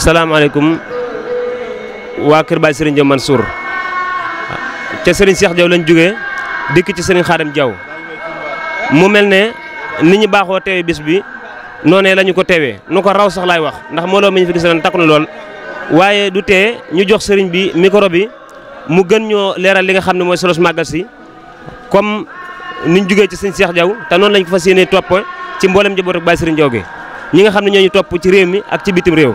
salam alaikum wa kër bay Serigne dia Mansour ci Serigne Cheikh Diaw lañ jógee dik ci Serigne Khadim Diaw mu mel ne nit ñi baaxoo teewee bis bi noné la ko teewee nuko raw sax lay wax ndax mo lo ñu fi gis takku lool. waaye du té ñu jox Serigne bi micro bi mu gën ñoo léral li nga xamné moy solos magasi comme niñ jógee ci Serigne Cheikh Diaw ta non lañ ko fas top ci mbolam mboolem ak bay Serigne Diaw gi ñi nga xamné ñoo ñu top ci réew mi ak ci bitim réew.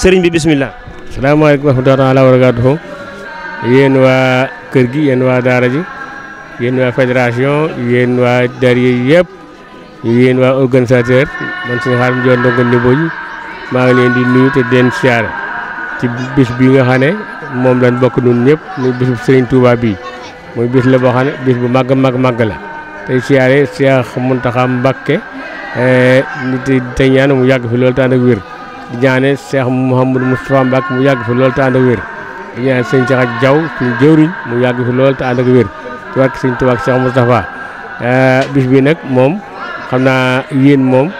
sëriñ bi bisimilah. salaamaaleykum wa rahmatulah wa barakaatuhu yéen waa kër gi yéen waa daara ji yéen waa fédération yéen waa daara yëpp yéen waa organisateur man suñu xaar mu jox ndongo Ndimboji maa ngi leen di nuyu te den siyaare ci bis bii nga xam ne moom lañ bokk nun ñëpp muy bisu Serigne Touba bii muy bis la boo xam bis bu màgg màgg màgg la tey siyaare Cheikh Mountakha Mbacké eh, te ñaan mu yàgg fi loolu te ànd ak wér. di ñaane Cheikh mu Moustapha Mbacke mu yàgg fi loolu te ànd ak wér di ñaane sëñ Cheikh Diaw suñu jëwriñ mu yàgg fi lool te ànd ak wér ci wàkk sëñ Tuubaa Cheikh Moustapha eh, bis bi nag moom xam naa yéen moom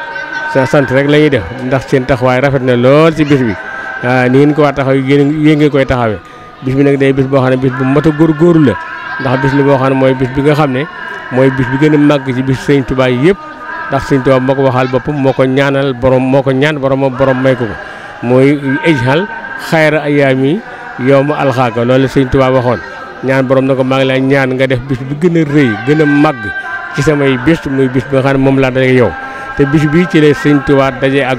sa sant rek la ñuy def ndax seen taxawaay rafet na lool ci bis bi eh, ni ngeen ko war taxaw yéen yéen ngeen koy taxawee bis bi nag day bis boo xam ne bis bu mat a góorgóorlu la ndax bis li boo xam ne mooy bis bi nga xam ne mooy bis bi gën a màgg ci bis sëñ Tuubaa yëpp ndax Sëñ Tuubaa moo ko waxal bopp moo ko ñaanal borom moo ko ñaan borom borom may ko ko mooy ijhal xayra ayaami yow ma alxaaka loolu Sëñ Tuubaa waxoon ñaan borom na ko maa ngi lay ñaan nga def bis bi gën a rëy gën a màgg ci samay bis muy bis bi nga xam ne moom laa daje yow te bis bi ci la Sëñ Tuubaa daje ak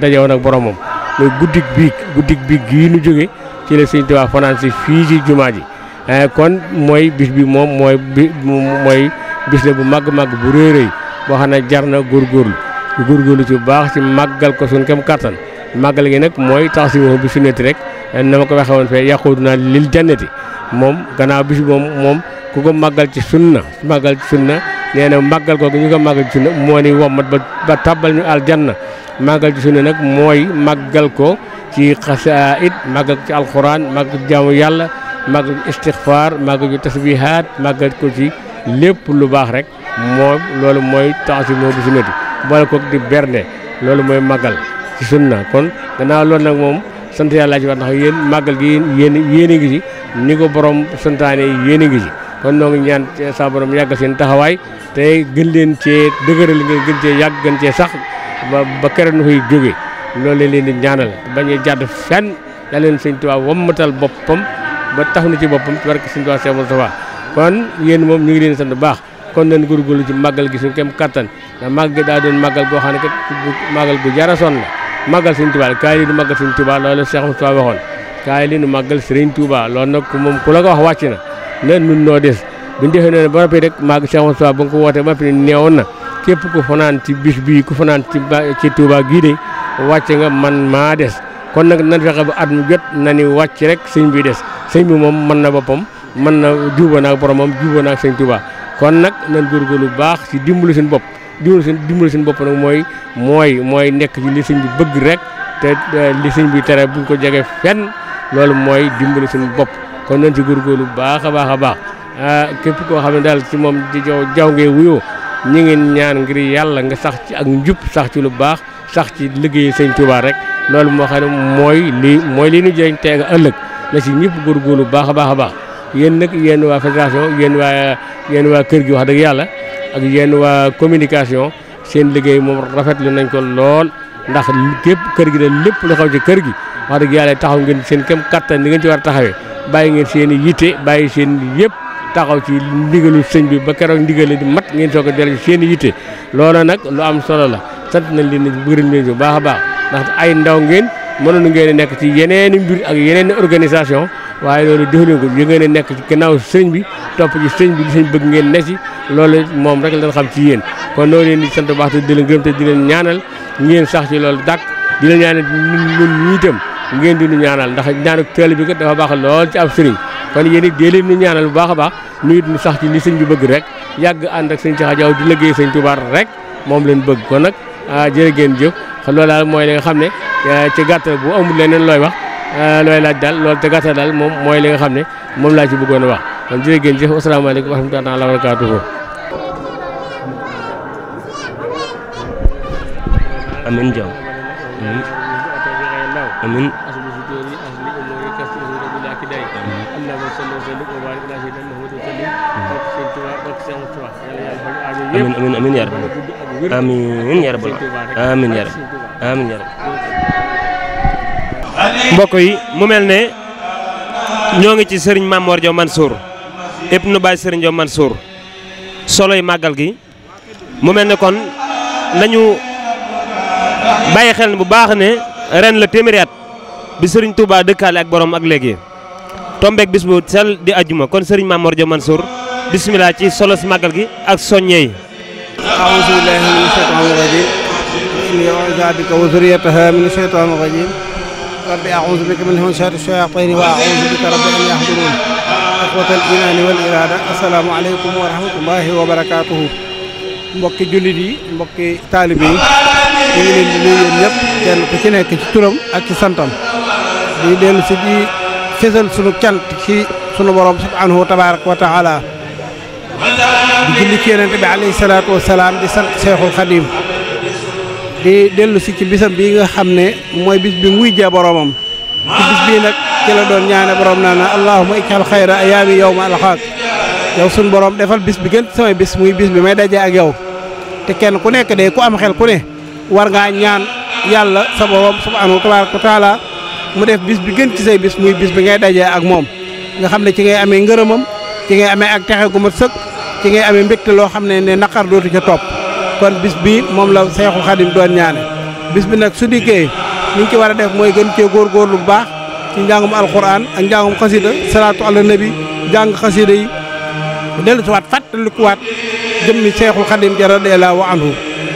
daje woon ak moom muy guddik biig guddik biig gii nu jóge ci la Sëñ fanaan si fii ci jumaa ji eh, kon mooy bis bi moom mooy bi bis bu màgg-màgg bu rëy boo xam ne jar na góorgóorlu góorgóorlu ci bu baax ci màggal ko suñ kem kàttan màggal gi nag mooy tax si bi sunnati rek na ma ko waxee woon fee yàqudu naa lil jannati moom gannaaw bis moom moom ku ko màggal ci sunna màggal ci sunna nee na màggal kooku ñu ko màggal ci sunna moo ni wommat ba tàbbal ñu aljanna màggal ci sunna nag mooy màggal ko ci xasaayid màggal ci alxuraan màggal ci jaamu yàlla màggal ci istixfaar màggal ci tasbihaat màggal ko ci lépp lu baax rek moo loolu mooy taasi moo bi si métti boole ko di bernde loolu mooy màggal ci sunna kon gannaaw loolu nag moom sant yàlla ci wax ndax yéen màggal gi yéen yéen a ngi ci ni ko borom santaane yéen a ngi ci kon noo ngi ñaan sa borom yàggal seen taxawaay te gën leen cee dëgëral ngeen gën cee yàgg gën cee sax ba ba keroog nu koy jógee loolu leen leen di ñaanal bañ jat fen fenn yàlla leen sëñ Tuubaa wammatal boppam ba tax na ci boppam ci barke sëñ Tuubaa Seex Mustafaa kon yéen moom ñu ngi leen sant bu baax kon nañ gurgurlu ci màggal gi suñu kem kattan ndax màgg gi daa doon màggal boo xam ne kat màggal gu jara sonn la màggal suñu Tuubaa kaay li nu màggal suñu Tuubaa loolu Cheikh Moustapha waxoon kaay li nu màggal Serigne Touba loolu nag moom ku la ko wax wàcc na ne nun noo des buñu defee noonu rek màgg Cheikh Moustapha ba nga ko wootee ba noppi neewoon na képp ku fanaan ci bis bii ku fanaan ci ci Touba gii de wàcc nga man maa des kon nag nan fexe ba at mu jot na ni wàcc rek sëñ bi des sëñ bi moom mën na boppam mën na juuba naag boromam juuba naag sëñ Touba kon nag nan góorgóorlu bu baax si dimbali seen bopp dimbali seen dimbali seen bopp nag mooy mooy mooy nekk ci li sëñ bi bëgg rek te li sëñ bi tere buñ ko jege fenn loolu mooy dimbali seen bopp kon nañ ci góor bu baax a baax a baax ah, képp koo xam ne daal si moom di jaw jaw ngay wuyoo ñi ngi ñaan ngir yàlla nga sax ci ak njub sax ci lu baax sax ci liggéey sëñ Tuubaa rek loolu moo xam ne mooy lii mooy li ñu jëriñ tee ëllëg na ci ñëpp góor lu baax a baax a baax yéen nag yéen waa fédération yéen waa yéen waa kër gi wax dëgg yàlla ak yéen waa communication seen liggéey moom rafetlu nañ ko lool ndax képp kër gi de lépp lu xaw ci kër gi wax dëgg yàlla taxaw ngeen seen kem kattan ni ngeen ci war a taxawee bàyyi ngeen seen i yitte bàyyi seen yëpp taxaw ci ndigalu sëñ bi ba keroog ndigal di mat ngeen soog a dellu seen yitte loola nag lu am solo la sant nañ leen gërëm leen bu baax a baax ndax ay ndaw ngeen mënoon ngeen nekk ci yeneen i mbir ak yeneen organisation waaye loolu defuñu ko yi ngeen a nekk ci gannaaw sëñ bi topp ci sëñ bi li sëñ bëgg ngeen ne ci loolu moom rek lañ xam ci yéen kon noo leen di sant baax te di leen gërëm ñaanal ngeen sax ci loolu dàkk di leen ñaanal ñun ñi itam ngeen di nu ñaanal ndax ñaanu teel bi dafa baax lool ci ab sëriñ kon yéen it dee leen nu ñaanal bu baax a baax nu nu sax ci li sëñ bi bëgg rek yàgg ànd ak sëñ Cheikh Diaw di liggéey sëñ Tuubaa rek moom leen bëgg kon nag ah, jërë ngeen jëf kon loolu daal mooy li nga xam ne eh, ci gàttal bu amul leneen looy wax eh, looy laaj daal loolu ci gàttal daal moom mooy li nga xam ne moom laa ci bëggoon a wax kon jërë ngeen jëf asalaamaaleykum wa rahmatullaahi wa barakaatuh amin hmm. amin hmm. amin amin amin ya rabbal amin ya mbokk yi mu mel ne ñoo ngi ci sëriñ Mamor Diaw Mansour ibnu Baye sëriñ Diaw Mansour soloy màggal gi mu mel ne kon nañu bàyyi xel bu baax ne ren la téeméeri at bi sëriñ Touba dëkkaale ak borom ak léegi tombeek bis bu sell di ajjuma kon sëriñ Mamor Diaw Mansour bisimilah ci solo ci màggal gi ak soññe yi. واشفني واعوذ بك وذريتها من الشيطان الرجيم رب أعوذ بك من شر الشياطين وأعوذ بك رب أن يحضرون إخوة الإيمان والإرادة السلام عليكم ورحمة الله وبركاته mbokki jullit yi mbokki taalibe yi ñu ngi leen di nuyu yéen ñëpp kenn ku ci nekk ci turam ak ci santam di dellu si di fésal sunu cant ci sunu borom subhanahu tabaraka wa taala di julli ci yonente bi alayhi salaatu wasalaam di sant Cheikhul Khadim di dellu si ci bisam bii nga xam ne mooy bis bi muy jee boroomam ci bis bii nag ci la doon ñaane borom naa na allahuma ijal xayra ayaami yow ma alxaak yow sun borom defal bis bi gën samay bis muy bis bi may daje ak yow te kenn ku nekk de ku am xel ku ne war ngaa ñaan yàlla sa borom subhaanahu tabaaraka wa taala mu def bis bi gën ci say bis muy bis bi ngay daje ak moom nga xam ne ci ngay amee ngërëmam ci ngay amee ak texe gu mat sëkk ci ngay amee mbégte loo xam ne ne naqar dootu ca topp kon bis bi moom la Seexul xaddim doon ñaane bis bi nag su dikkee li ñu ci war a def mooy gën cee góor bu baax ci njàngum alxuraan ak njàngum xasida salaatu ala nabi jàng xasida yi dellu si waat fàttalikuwaat jëmmi Seexul Xadim ja wa anhu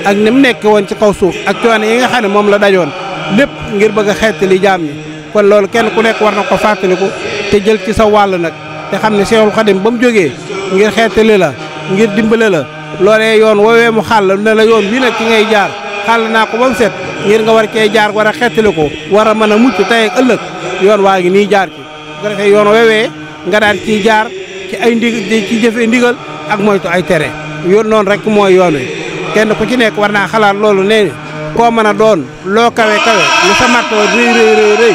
ak ni mu nekk woon ci kaw suuf ak coono yi nga xam ne moom la dajoon lépp ngir bëgg a li jaam ñi kon loolu kenn ku nekk war na ko ko te jël ci sa wàll nag te xam ne Seexul Xadim ba mu jógee ngir xeetali la ngir dimbale la loolee yoon woowee mu xàll ne la yoon wi nag ki ngay jaar xàll naa ko ba mu set ngir nga war cee jaar war a xettali ko war a mën a mucc tey ak ëllëg yoon waa ngi nii jaar ci bu ko defee yoon woowee nga daan ci jaar ci ay ndig ci jëfee ndigal ak moytu ay tere yoon noonu rek mooy yoon wi kenn ku ci nekk war naa xalaat loolu nee koo mën a doon loo kawe kawe lu sa martoo rëy rëy rëy rëy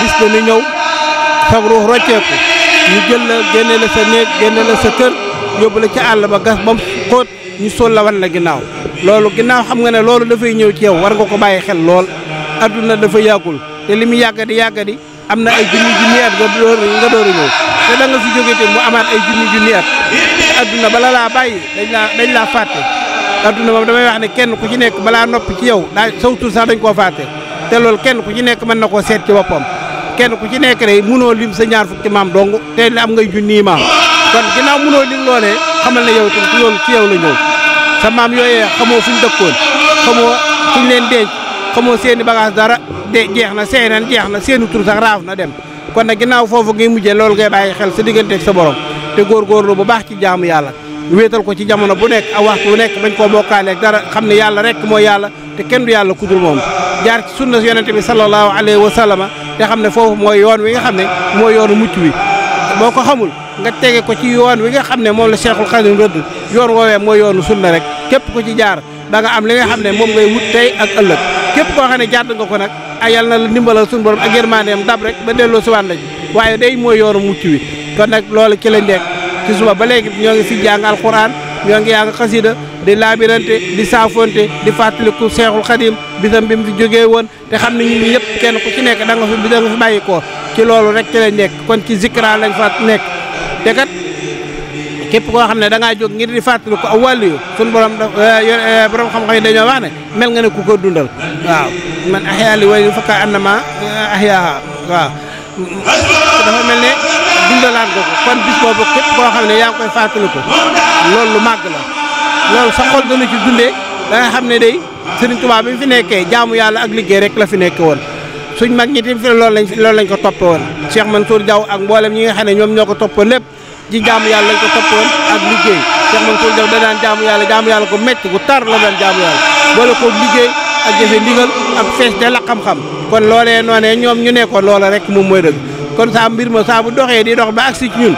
bis dana ñëw sab ruux rocceeku ñu jël la génne sa néeg génne sa àll ba gas bam xóot ñu sol la wan la ginnaaw loolu ginnaaw xam nga ne loolu dafay ñëw ci yow war nga ko bàyyi xel lool adduna dafa yàggul te li mu yàggadi yàggadi am na ay junni junni at nga door nga door a ñëw te da nga fi jóge mu amaat ay junni junni at adduna bala laa bàyyi dañ laa dañ laa fàtte adduna moom damay wax ne kenn ku ci nekk balaa noppi ci yaw daa sawtul sax dañ koo fàtte te loolu kenn ku ci nekk mën na koo seet ci boppam kenn ku ci nekk rek mënoo lim sa ñaar fukki maam dong te kon ginnaaw mënoo li loolee xamal ne yow itam loolu ci yow la ñëw sa maam yooyee xamoo fuñ dëkkoon xamoo fuñ leen denc xamoo seeni bagage dara de jeex na seeneen jeex na seeni tur sax raaf na dem kon nag ginnaaw foofu ngay mujjee loolu ngay bàyyi xel sa digganteeg sa borom te góorgóorlu bu baax ci jaamu yàlla wéetal ko ci jamono bu nekk ak waxtu nekk bañ koo bokkaaleeg dara xam ne yàlla rek mooy yàlla te kenn du yàlla kudul moom jaar ci sunna yonente bi sallallahu alayhi wa sallama te xam ne foofu mooy yoon wi nga xam ne mooy yoonu mucc wi boo ko xamul nga tege ko ci yoon wi nga xam ne moom la Cheikhul Khadim rëdd yoon woowee mooy yoonu sunna rek képp ko ci jaar danga am li nga xam ne moom ngay wut tey ak ëllëg képp koo xam ne jaar nga ko nag ay ah, na la ndimbalal suñu borom ak yërmandeem dab rek ba delloo si la ji waaye day mooy yoonu mucc wi kon nag loolu ci lañ nekk ci suba ba léegi ñoo ngi si jàng alxuraan ñoo ngi yaa nga xasida di laabirante di saafonte di fàttaliku seexul xadim bisam bi mu fi jógee woon te xam ne ñun kenn ku ci nekk da nga fi da nga fi bàyyi ko ci loolu rek ci lañ nekk kon nekk te kat képp koo xam ne da jóg ngir di fàttali ko aw wàllu yu sunu borom eh, eh, borom xam-xam yi dañoo wax ne mel nga ne ku ko dundal waaw man axyaa li way fakka annama eh, axyaa waaw dafa mel ne dundalaat nga ko kon bis boobu képp koo xam ne yaa ngi koy fàttali ko loolu lu màgg la loolu sa xol dana ci dundee da nga xam ne day Sëriñ Tuubaa bi fi nekkee jaamu yàlla ak liggéey rek la fi nekk woon suñ mag ñi tim fi loolu lañ loolu lañ ko topp woon Cheikh Mansour Diaw ak mboolem ñi nga xam ne ñoom ñoo ko topp lépp ci jaamu yàlla lañ ko topp woon ak liggéey Cheikh Mansour Diaw da daan jaamu yàlla jaamu yàlla ko metti gu tar la daan jaamu yàlla boole ko liggéey ak jëfe ndigal ak fees de la xam-xam kon loolee noonee ñoom ñu nekkoon loola rek moom mooy dëgg kon saa mbir ma saa bu doxee di dox ba agsi ci ñun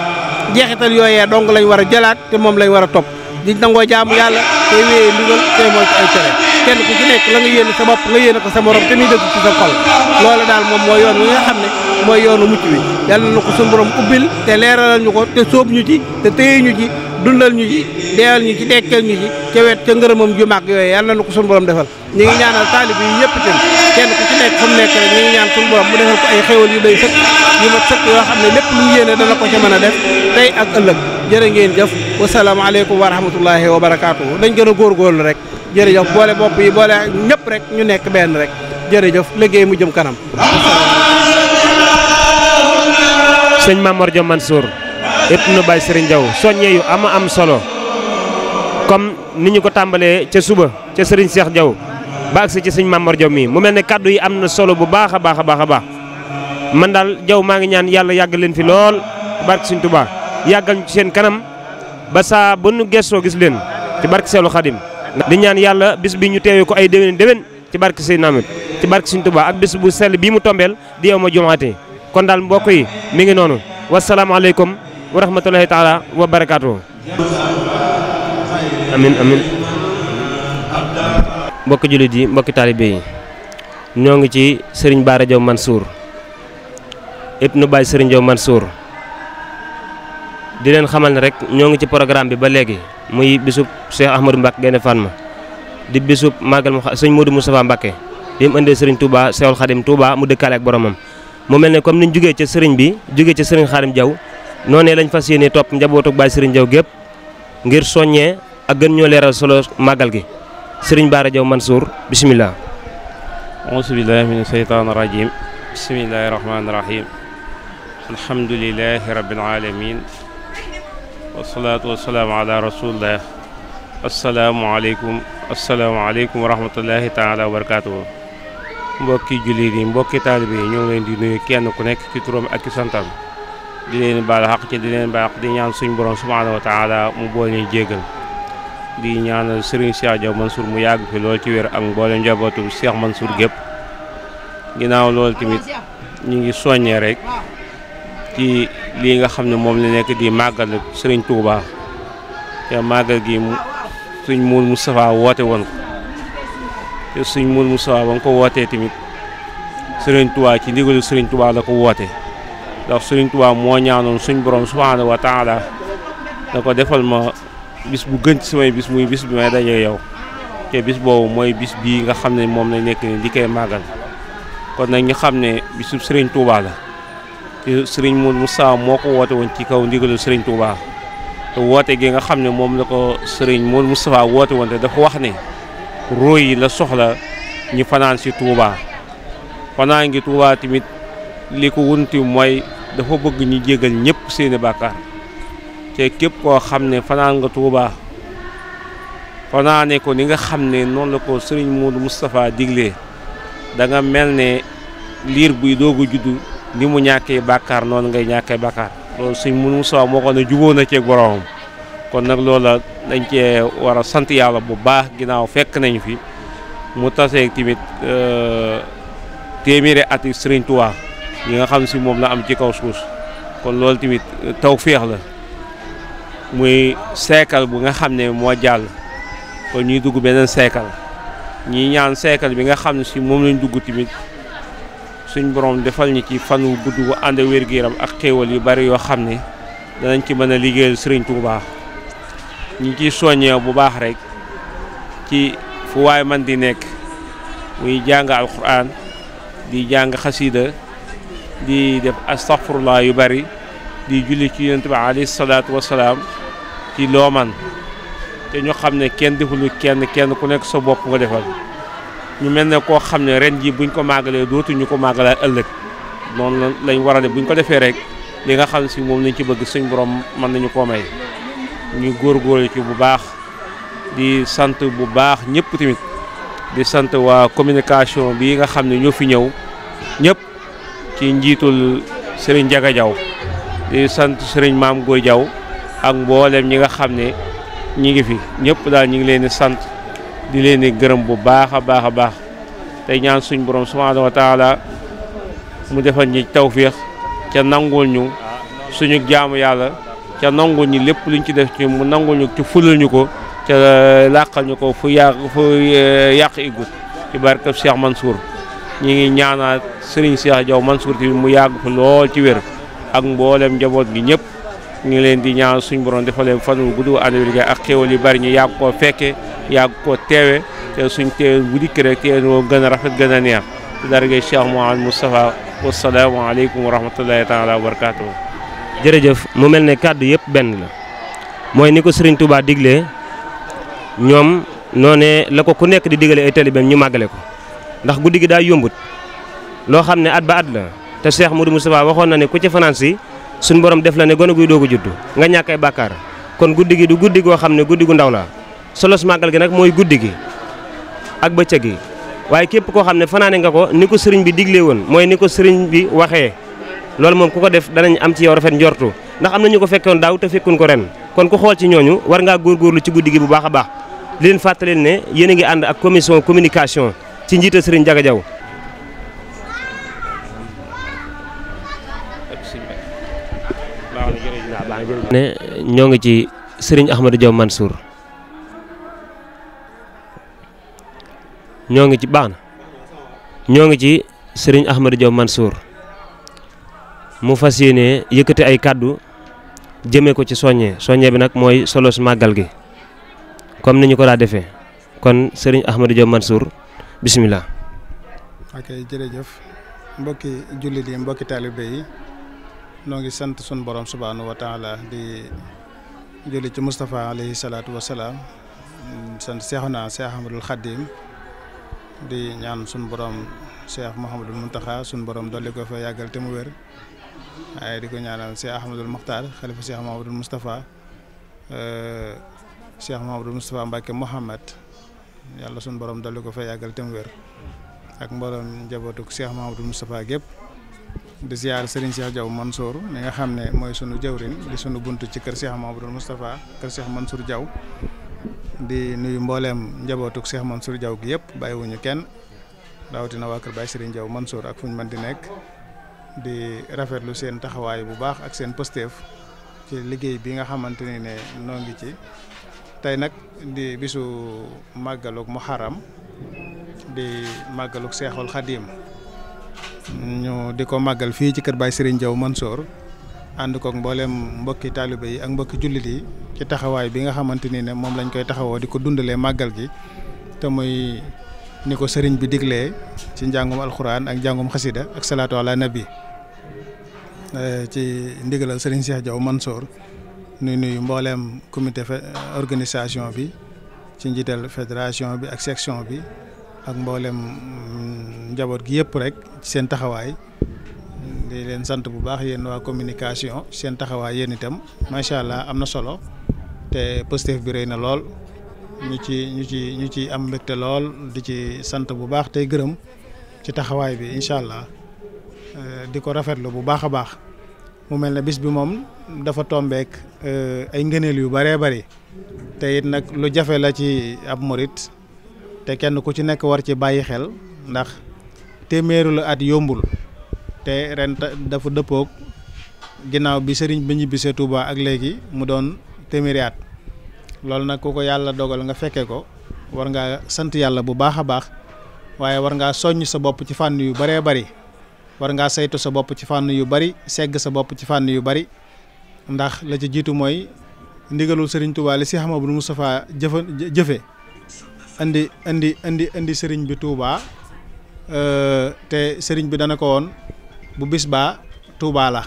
jeexital yooyee donc lañ war a jëlaat te moom lañ war a topp di nangoo jaamu yàlla te wéyee ndigal kenn ku ci nekk la nga yéene sa bopp nga yéene ko sa morom te muy dëgg ci sa xol daal moom mooy yoon wi nga xam ne mooy yoonu mucc bi yàlla na ko suñu ubbil te leeralal ñu ko te sóob ñu ci te téye ñu ci dundal ñu ci deewal ñu ci dekkal ñu ci ca wet ca ngërëmam ju màgg yooyu yàlla na ko suñu borom defal ñu ngi ñaanal taalib yi yëpp itam kenn ku ci nekk fu mu nekk rek ñu ngi ñaan suñu mu defal ko ay xéwal yu doy sëkk yu mat sëkk yoo xam ne lépp lu mu yéene dana ko mën a def tey ak ëllëg jërë ngeen jëf wasalaamaaleykum wa rahmatullahi wa barakaatu dañ gën a góorgóorlu rek jerejeuf boole bop yi boole ñep rek ñu nekk ben rek jerejeuf liggey mu jëm kanam. señ Mamor jom Mansour ibnu bay Serigne Diaw soññee ama am solo comme niñu ko tambalé ci suba ci Serigne Cheikh Diaw baax ci señ Mamor jom mi mu melni ne yi amna solo bu baaxa baaxa baaxa a baax man dal Diaw ma nga ñaan yalla yag leen fi lool barke señ touba yagal ci seen kanam ba sa bu nu gesso gis leen ci barke selu khadim di ñaan yalla bis bi ñu teewe ko ay déwén déwén ci barke Seydina amad ci barke Sëriñ Tuubaa ak bis bu sel bi mu tombel di yow ma kon dal mbokk yi mi ngi noonu alaykum wa rahmatullahi taala wa barakatuh amin amin mbokk julit yi mbokk talibé yi ñoo ngi ci Serigne Bara Diaw Mansour ibnu bay Serigne Diaw Mansour di len xamal ne rek ñoo ngi ci programme bi ba léegi muy bisub cheikh ahmadou mbak gene fanma di bisub magal seigne modou moustapha mbake bi mu ëndee serigne touba cheikhul khadim touba mu dëkkaale ak boromam mu melni comme niñ juggé ci serigne bi juggé ci serigne khadim diaw noné lañ fas top topp njabootuk baay serigne jaw gépp ngir soñé ak gën ñoo léral solo magal gi serigne bara diaw mansour bismillah أعوذ بالله من الشيطان الرجيم بسم الله الرحمن wasalaatu wasalaamu ala rasulillah asalaamualeykum asalaamualeykum wa rahmatullahi taala wa barakaatuhu mbokki jullit yi mbokki taalibe yi ñoo ngi leen di nuyu kenn ku nekk ci turam ak ci santam di leen baal xaq ci di leen baal xaq di ñaan suñu borom subhaanahu wa taala mu boole ñu jéggal di ñaanal Serigne Cheikh Diaw Mansour mu yàgg fi loolu ci wér ak mboolem njabootu Cheikh Mansour gépp ginnaaw loolu tamit ñu ngi soññee rek ci lii nga xam ne moom la nekk di màggal sëriñ Touba te màggal gi suñ muul Moustapha woote woon te suñ muul Moustapha ba nga ko wootee tamit sëriñ Touba ci ndigalu sëriñ Touba la ko woote ndax sëriñ Touba moo ñaanoon suñ borom subhaanahu wa taala da ko defal ma bis bu gën ci samay bis muy bis bi may daje yow te bis boobu mooy bis bii nga xam ne moom la nekk ni di koy màggal kon nag ñu xam ne bisub sëriñ Touba la sëriñ Mourou Moussa moo ko woote woon ci kaw ndigalu sëriñ Touba te woote gi nga xam ne moom la ko sëriñ Mourou Moustapha woote woon te dafa wax ne roo yi la soxla ñu fanaan si Touba fanaan gi Touba tamit li ko wunti mooy dafa bëgg ñu jégal ñépp seeni bàkkaar te képp koo xam ne fanaan nga Touba fanaane ko ni nga xam ne noonu la ko sëriñ Mourou Moustapha diglee danga mel ne liir buy doo a juddu. ni mu ñaké bakkar non ngay ñaké bakkar loolu suñ mu soo moo ko na jubóo na ci borom kon nak loola dañ ci wara sant yalla bu baax ginaaw fekk nañ fi mu timit euh témiré ati serigne touba ñi nga xam ci mom la am ci kaw sous kon loolu timit euh, taw la muy sékal bu nga xamné ne jall kon ñuy dugg benen sékal ñi ñaan sékal bi nga xamné ci mom lañ dugg timit suñ borom defal ñi ci fan wu gudd bu ànd wér-gu-yaram ak xéewal yu bari yoo xam ne danañ ci mën a liggéeyal sëriñ bu baax ñu ciy soññee bu baax rek ci fu waay man di nekk muy jàng alquran di jàng xasida di def astaghfirullah yu bari di julli ci yonent bi alayhi salaatu wasalaam ci looman te ñu xam ne kenn defulu kenn kenn ku nekk sa bopp nga defal ñu mel ne koo xam ne ren ji buñ ko màggalee dootuñu ko màggalee ëllëg noonu lañ warale a ne ko defee rek li nga xam si moom lañ ci bëgg suñ borom mën nañu koo may ñu góor góorgóorlu ci bu baax di sant bu baax ñëpp tamit di sant waa communication bi nga xam ne ñoo fi ñëw ñëpp ci njiitul sëriñ Jaga Jaw di sant sëriñ Maam Góor Jaw ak mboolem ñi nga xam ne ñi ngi fi ñëpp daal ñi ngi leen di sant di leen gërëm bu baax a baax a baax tey ñaan suñ borom subhaanahu wa mu defal ñi tawféex ca nangul ñu suñu jaamu yàlla ca nangul ñi lépp luñ ci def ci mu nangul ñu ci fulul ñu ko ca làqal ñu ko fu yàq fu eh, yàq igut ci barkeb Cheikh Mansour ñi ngi ñaanaat Serigne Cheikh man Mansour ti mu yàgg fa lool ci wér ak mboolem njaboot gi ñëpp ñu ngi leen di ñaan suñu borom defal leen fan wu gudd ànd wi liggéey ak xéwal yu bari ñu yàgg koo fekke yàgg koo teewe te suñ teewee bu dikk rek teewee woo gën a rafet gën a neex te darage Cheikh mu mel ne kàddu yëpp benn la mooy ni ko Serigne Touba diglee ñoom noonee la ko ku nekk di digale ay talibeem ñu màggale ko ndax guddi gi daa yombut loo xam ne at ba at la te Cheikh Moudou Moustapha waxoon na ne ku ci fanaan si suñ borom def la ne gone guy dogu a nga ñàkk ay kon guddigi du guddigi go xamne guddigu ndaw la solos magal gi nak moy guddigi ak bëccëg gi waaye képp koo xam ne nga ko niko sëriñ bi diglé won moy niko sëriñ bi waxé loolu mom kuko def danañ am ci yow rafet ndortu ndax amna ñuko fekkon daw te fekkun ko ren kon ku xol ci ñooñu war gor gorlu ci guddigi bu baaxa baax di leen fàttaleel ne yéen ngi ak commission communication ci njité sëriñ Jaga Jaw ne ñoo ngi ci serigne ahmadou diom mansour ñoo ngi ci baana ñoo ngi ci serigne ahmadou diom mansour mu fasiyene yëkëti ay kaddu jëme ko ci soñé soñé bi nak moy solos magal gi comme niñu ko da défé kon serigne ahmadou diom mansour bismillah akay jërëjëf mbokki julit yi mbokki talibé yi no ngi sant sun borom subhanahu wa taala di julli ci mustafa alayhi salatu wa salam sant Seexuna cheikh amadou khadim di ñaan sun borom Seex Muhammadul muntaha sun borom dolli ko fa yagal te mu wer ay di ko ñaanal Seex Ahmadul Muxtaar xalifa Seex mustafa eh, mbake Muhammad yalla sun borom dolli ko fa yagal te mu wer ak mbooloom njabootuk mustafa gep di ziar Serigne Cheikh Diaw Mansour mi nga xam ne mooy sunu jawrin di sunu buntu ci kër Cheikh Mamadou Moustapha kër Cheikh Mansour Diaw di nuyu mbooleem njabootug Cheikh Mansour Diaw gi yëpp bàyyiwuñu kenn rawatina waa kër Baye Serigne Diaw Mansour ak fu ñu mën di nekk di rafetlu seen taxawaay bu baax ak seen pësteef ci liggéey bi nga xamante ni ne noo ngi ci tey nag di bisu mu Muharram di màggalug Seexul Xadiim ñu di ko màggal fii ci kër Baye Serigne Diaw Mansour ànd ak mbooleem mbokki taalibe yi ak mbokki jullit yi ci taxawaay bi nga xamante ni ne moom lañ koy taxawoo di ko dundalee màggal ji te muy ni ko sëriñ bi diglee ci njàngum alxuraan ak njàngum xasida ak salaatu bi nabi eh, ci ndigalal sëriñ Cheikh Diaw Mansour nuy nuyu mbooleem comité organisation bi ci njiital fédération bi ak section bi ak mbollem mm, njabot gi yep rek sen taxaway di len sante bu baax yeen wa communication sen taxaway yeen itam macha allah am solo te positif bi reyna lol ñu ci ñu ci ñu ci am mbekté lol di ci sante bu baax te gërem ci taxaway bi inshallah allah euh, di ko rafetlu bu baaxa baax mu mel bis bi mom dafa tombeek euh, ay ngëneel yu bare bare te nak lu jafé la ci ab murit te kenn ku ci nekk war ci bàyyi xel ndax téeméeru la at yombul te ren dafa dëppoog ginnaaw bi sëriñ bi ñibbisee Touba ak léegi mu doon téeméeri at loolu nag ku ko yàlla dogal nga fekkee ko war ngaa sant yàlla bu baax a baax waaye war ngaa soññ sa bopp ci fànn yu baree bari war ngaa saytu sa bopp ci fànn yu bari segg sa bopp ci fànn yu bari ndax la ci jiitu mooy ndigalul sëriñ Touba li si xamabul Moustapha jëfe jëfe indi indi indi indi sëriñ bi Touba euh, te sëriñ bi dana ko woon bu bis baa Touba la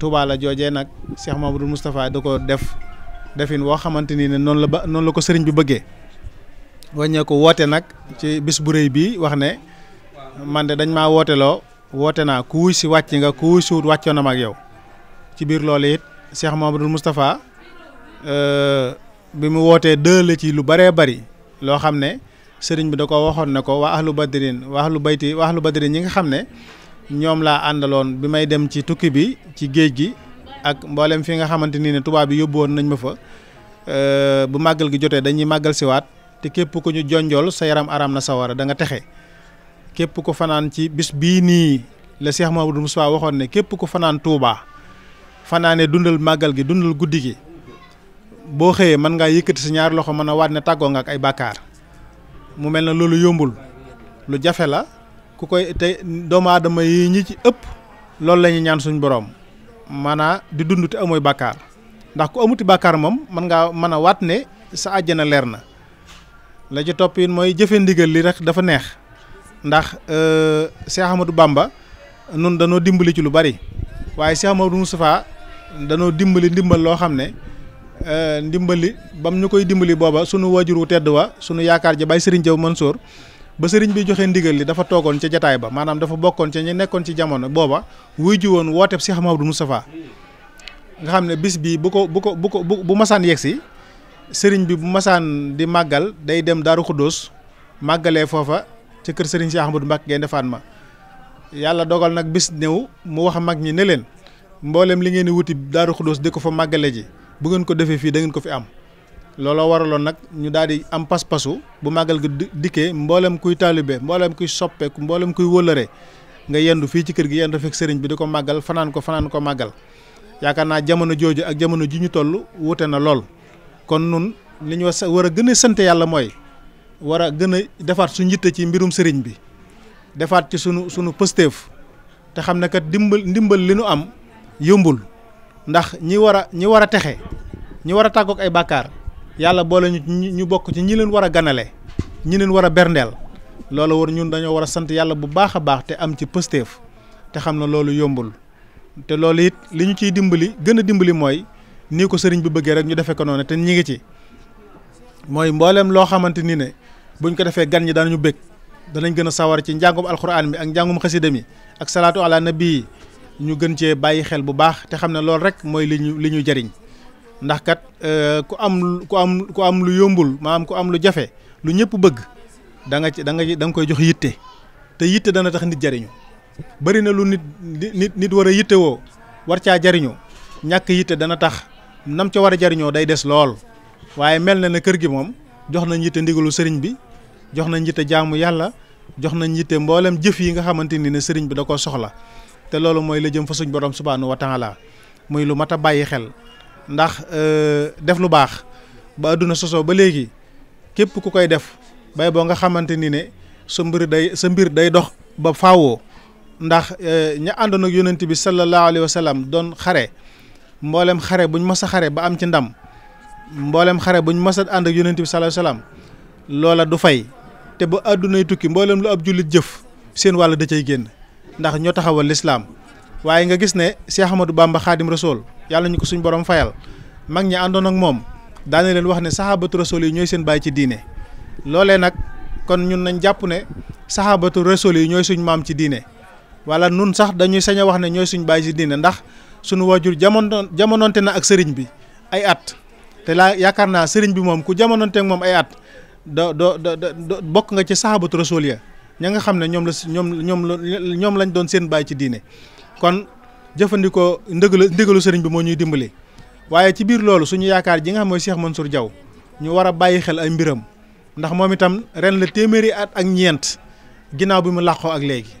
Touba la joojee nag Cheikh Mamadou mustafaa da ko def defin woo xamante ni ne noonu la ba noonu la ko sëriñ bi bëggee waññee woote nag ci bis bu rëy bii wax ne man de dañ maa wooteloo woote naa ku si wàcc nga ku wuy si wut wàccoon na ak yow ci biir loolu it Cheikh Mamadou Moustapha euh, bi mu wootee dëële ci lu bëree bari loo xam ne sëriñ bi da ko waxoon ne ko wa ahlu badrin wa ahlu bayti wa ahlu badrin ñi nga xam ne ñoom laa àndaloon bi may dem ci tukki bi ci géej gi ak mboolem fii nga xamante ni ne tubaab bi yóbbu woon nañ ma fa euh, bu màggal gi jotee dañuy màggal siwaat te képp ku ñu jonjool sa yaram aram na sawara da nga texe képp ku fanaan ci bis bii nii la Cheikh Mamadou Moussa waxoon ne képp ko fanaan Touba fanaane dundal màggal gi dundal guddi gi bo xeye man nga yëkëti si ñaar loxo mëna waat ne tàggoo nga ak ay bakkar mu mel na loolu yombul lu jafe la ku koy te doomu adama yi ñi ci ëpp loolu lañu ñaan suñu borom mana di dund te amoy bakkar ndax ku amuti bakkar moom man nga mëna waat ne sa àjjana leer na la ci topp it mooy jëfe ndigal li rek dafa neex ndax euh, Cheikh Ahmadou Bamba nun danoo dimbali ci lu bari waaye Cheikh Ahmadou Moustapha danoo dimbali ndimbal loo xam ne Eh, ndimbali bam ñu koy dimbali boba sunu wajuru tedd wa sunu yaakar ja bay Serigne Jaw Mansour ba serigne bi joxe ndigal li dafa togon ci jotaay ba manam dafa bokkon ci ñi nekkon ci jamono boba wuy ji woon wooteb Cheikh Mamadou Moustapha nga xamne ne bis bi bu ko bu ko bu ko bu serigne bi bu di magal day dem daruk Xuddoos magale fofa ci kër serigne Cheikh Ahmadou Mbacké Gaïndé Fatma yalla dogal nak bis new mu wax mag ñi ne len mbollem li ngeen wuti daru Xuddoos di fa magale ji bu ngeen ko defee fii da ngeen ko fi am looloo waraloon nag ñu daal di am pas-pasu bu màggal gi dikkee mboolem kuy taalibe mboolem kuy soppeeku mboolem kuy wëlëre nga yendu fii ci kër gi yendu sëriñ bi di ko màggal fanaan ko fanaan ko màggal yaakaar naa jamono jooju ak jamono ji ñu toll wute na lool kon nun li ñu war a gën a sant yàlla mooy war a gën a defaat njitte ci mbirum sëriñ bi defaat ci sunu sunu pësteef te xam ne kat dimbal ndimbal li nu am yombul ndax ñi war a ñi war a texe ñi war a tàggoog ay bàkkaar yàlla boole ñu ñu bokk ci ñi leen war a ganale ñi leen war a berndeel loolu war ñun dañoo war a sant yàlla bu baax a baax te am ci pëstéef te xam na loolu yombul te loolu it li ñu ciy dimbali gën a dimbali mooy nii ko sëriñ bi bëggee rek ñu defee ko noonu te ñi ngi ci mooy mbooleem loo xamante ni ne buñ ko defee gan ñi danañu bëgg danañ gën a sawar ci njàngum alxuraan bi ak njàngum xasida mi ak ñu gën cee bàyyi xel bu baax te xam ne loolu rek mooy li ñu li ñu jariñ ndax kat euh, ku am ku am ku am lu yombul maanaam ku am lu jafe lu ñëpp bëgg da nga ci danga nga da nga koy jox yitte te yitte dana tax nit jariñu bari na lu nit nit nit war a yitte woo war caa jariñu ñàkk yitte dana tax nam ca war a jariñoo day des lool waaye mel na ne kër gi moom jox nañ yitte ndigalu sëriñ bi jox nañ yitte jaamu yàlla jox na yitte mboolem jëf yi nga xamante ni ne sëriñ bi da ko soxla te loolu mooy la jëm fa suñ borom subhanahu wa taala muy lu mata a bàyyi xel ndax euh, def lu baax ba aduna soso ba léegi képp ku koy def bay bo nga xamante ni ne sa mbir day sa mbir day dox ba faawoo ndax euh, ña àndoon ak yonent bi sallallahu alayhi wa sallam doon xare mboolem xare buñ mës a xare ba am ci ndam mboolem xare buñ mës a ànd ak yonent bi sallallahu alayhi wa sallam loola du fay te ba àddunay tukki mboolem lu ab jullit jëf seen wàll da cay génn ndax ñoo taxawal lislaam waaye nga gis ne Cheikh Ahmadou Bamba Khadim Rasoul yàlla ñu ko suñ borom fayal mag ñi àndoon ak moom daana leen wax ne sahabatu rasul yi ñooy seen baay diine loolee nag kon ñun nañ jàpp ne sahabatu rasul yi ñooy suñ maam ci diine wala nun sax dañuy sañ a wax ne ñooy suñ baay ci diine ndax suñu wajur jamono jamononte na ak sëriñ bi ay at te laa yaakaar naa sëriñ bi moom ku jamononte ak moom ay at do do do bokk nga ci sahabatu rasul ya ña nga xamne ñom la ñom ñom ñom lañ doon seen bay ci diine kon jëfëndiko ndëgël ndëgalu sëriñ bi mo ñuy dimbali waye ci biir loolu suñu yaakaar ji nga xam mooy Cheikh Mansour Diaw ñu wara a xel ay mbiram ndax moom itam ren la téméré at ak ñent ginaaw bi mu laxo ak légui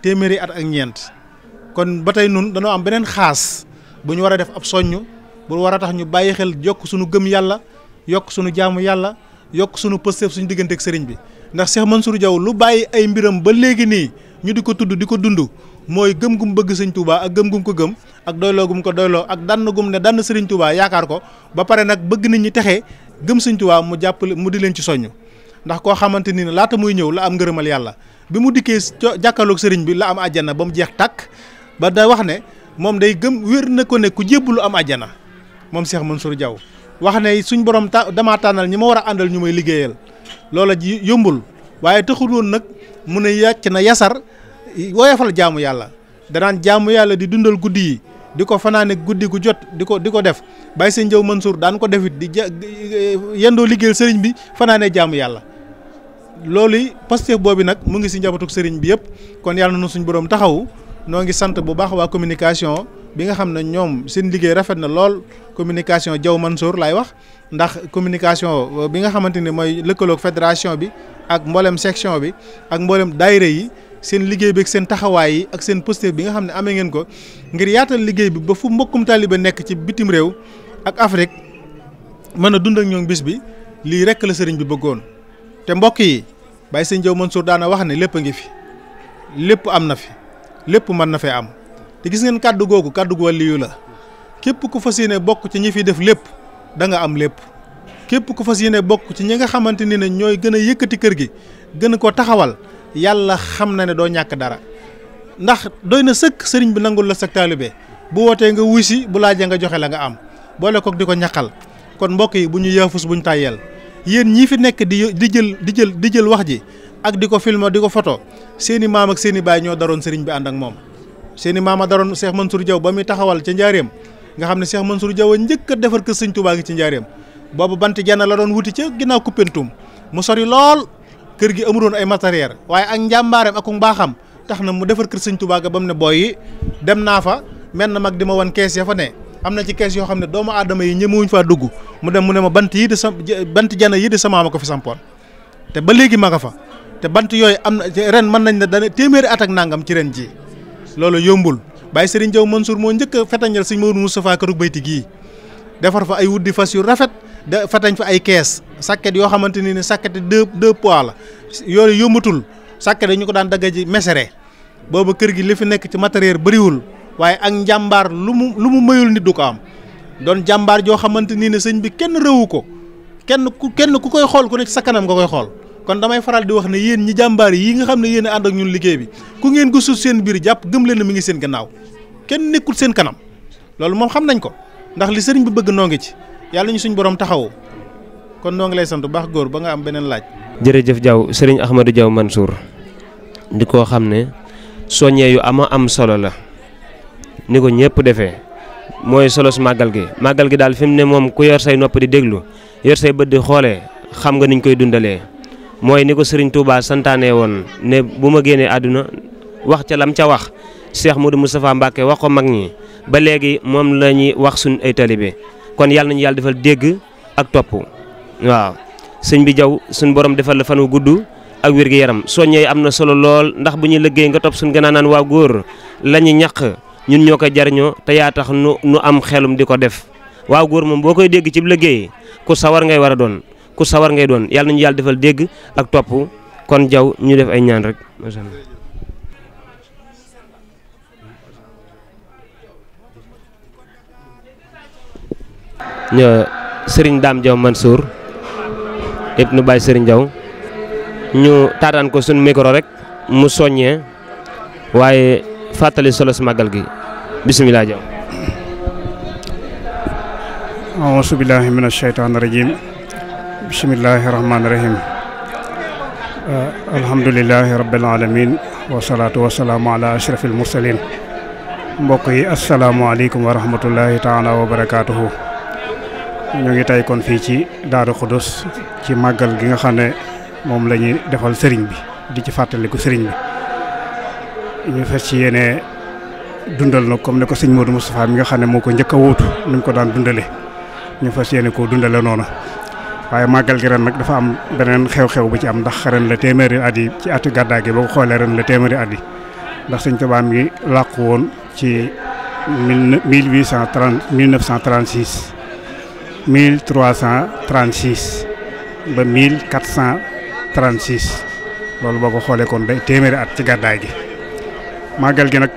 téméré at ak ñent kon batay nun dañu am benen xaas bu ñu wara def ab soñu bu wara tax ñu bayyi xel jokk suñu gëm yalla yok suñu jaamu yalla yok suñu pësteef suñu digënté ak sëriñ bi ndax Cheikh Mansour jaw lu bàyyi ay mbiram ba léegi nii ñu di ko tudd di ko dund mooy gëm gum bëgg sëñ Touba ak gëm gum ko gëm ak doyloo gum ko doyloo ak dann gum ne dann sëriñ Touba yaakaar ko ba pare nag bëgg nit ñi texe gëm sëñ Touba mu jàppale mu di leen ci soññ ndax koo xamante ni laata muy ñëw la am ngërëmal yàlla bi mu dikkee jàkkaarloog sëriñ bi la am àjjana ba mu jeex tàkk ba da wax ne moom day gëm wér na ko ne ku lu am àjjana moom Cheikh Mansour Diaw wax ne suñ borom ta damaa ñi ma war a àndal ñu may liggéeyal loola ji yombul waaye taxul woon nag mu ne yàcc na yasar woyofal jaamu yàlla danaan jaamu yàlla di dundal guddi yi di ko fanaane guddi gu jot di ko di ko def bàyyi sëñ Jaw Mansour daan ko defit di ja eh, yendoo liggéeyal sëriñ bi fanaane jaamu yàlla loolu Pastef boobu nag mu ngi si njabootug sëriñ bi yëpp kon yàlla na suñ borom taxawu noo ngi sant bu baax waa communication bi nga xam ne ñoom seen liggéey rafet na lool communication Diaw Mansour laay wax ndax communication euh, bi nga xamante ne mooy lëkkaloog fédération bi ak mboolem section bi ak mboolem daayira yi seen liggéey bi ak seen taxawaay yi ak seen posture bi nga xam ne amee ngeen ko ngir yaatal liggéey bi ba fu mbokkum taalibe nekk ci bitim réew ak Afrique mën a dund ak ñoom bis bi lii rekk la sëriñ bi bëggoon te mbokk yi Baye Sëñ Diaw Mansour daana wax ne lépp a ngi fi lépp am na fi lépp mën na fee am. te gis ngeen kàddu googu kàddu gu wàlliyu la képp ku fas yéene bokk ci ñi fi def lépp da nga am lépp képp ku fas yéene bokk ci ñi nga xamante ni ne ñooy gën a yëkkati kër gi gën ko taxawal yàlla xam na ne doo ñàkk dara ndax doy na sëkk sëriñ bi nangul la sag taalibe bu wootee nga wuy si bu laajee nga joxe la nga am boole kook di ko ñaqal kon mbokk yi bu ñu yaafus bu ñu tàyyeel yéen ñii fi nekk di di jël di jël di jël wax ji ak di ko filmer di ko photo seeni maam ak seeni baay ñoo daroon sëriñ bi ànd ak moom seeni mama daron Cheikh Mansour Diaw ba taxawal ci njaareem nga xam Cheikh Mansour Diaw ñeuk defar ke seigne Touba gi ci njaareem bobu bant jenn la doon wuti ca ginnaaw kuppentum mu sori lol keur gi amuroon ay matériel waye ak njàmbaareem ak mbaaxam tax mu defar ke seigne Touba ga ba ne booy dem na fa mel na mag dima won caisse ya fa ne amna ci caisse yo xamne doomu adama yi fa dugg mu dem mu ne ma bant yi di bant jana yi di sama mako fi sampoon te ba legi maga fa te bant yoy amna ren man nañ ne dana témer atak nangam ci ren ji loolu yombul Baye Serigne Diaw Mansour mo ñëk a Serigne mourou Moustapha kërug beyti gi defar fa ay wudi fas yu rafet da fetañ fa ay kees sakket yo xamanteni ni sakket sàkketi deux deux poids la yoy yombatul sakket dañu ko daan dagga ji mesere bobu kër gi li fi nekk ci matériel wul waye ak njàmbaar lu mu lu mu mayul nit du ko am don jambar jo xamanteni ni serigne bi kenn rewuko kenn ku kenn ku koy xol ku ne sa kanam nga koy xol kon damay faral di wax ne yéen ñi jàmbaar yi nga xam ne yéen a ànd ak ñun liggéey bi ku ngeen ko suuf seen biir jàpp gëm leen ne mi ngi seen gannaaw kenn nekkul seen kanam loolu moom xam nañ ko ndax li sëriñ bi bëgg noo ngi ci yàlla ñu suñ borom taxawoo kon noo ngi lay sant bu baax góor ba nga am beneen laaj. jërëjëf jaw sëriñ Ahmadou Diaw Mansour di koo xam ne soññee yu ama am solo la ni ko ñëpp defee mooy solos màggal gi màggal gi daal fi ne moom ku yar say nopp di déglu yor say bët xoolee xam nga niñ koy dundalee. mooy ni ko sëriñ Touba santaane woon ne bu ma génnee àdduna wax ca lam ca wax Cheikh Modou Moustapha Mbacke wax ko mag ñi ba léegi moom la ñuy wax suñ ay talibé kon yàlla nañu yàlla defal dégg ak topp waaw sëñ bi jaw suñ borom defal la fan wu gudd ak wér gi yaram soññee am na solo lool ndax bu ñuy liggéey nga topp suñ gën a waa góor la ñu ñaq ñun ñoo ko jariñoo te yaa tax nu nu am xelum di ko def waaw góor moom boo koy dégg ci liggéey ku sawar ngay war a doon ku sawar ngay doon yalla nañu yalla defal deg ak top kon jaw ñu def ay ñaan rek serigne dam jaw Mansour ibnu Bay serigne jaw ñu tatan ko sun micro rek mu soññee waye fatali solo si gi bismillah jaw billahi minash rajim bismillaahi rahmaani rahiim alhamdulillaahi rabbil aalamiin wasalaatu wasalaamu ala ashrafil mursaliin mbokk yi asalaamaaleykum wa rahmatullahi taala wa barakaatuhu ñu ngi tey kon fii ci Daaru Xudus ci màggal gi nga xam ne moom la ñuy defal sëriñ bi di ci fàttaliku sëriñ bi ñu fes ci yéene dundal na comme ne ko sëñ Modou Moustapha mi nga xam ne moo ko njëkk a wóotu ni mu ko daan dundale ñu fas yéene koo dundale noonu waaye màggal gi ren nag dafa am beneen xew-xew bu ci am ndax ren la téeméeri at yi ci atu gàddaay gi boo ko xoolee ren la téeméeri at yi ndax sëñ Tuubaa mi ngi làqu woon ci mille huit cent trente mille neuf cent trente six mille ba mille quatre cent trente six loolu boo ko xoolee kon day téeméeri at ci gàddaay gi màggal gi nag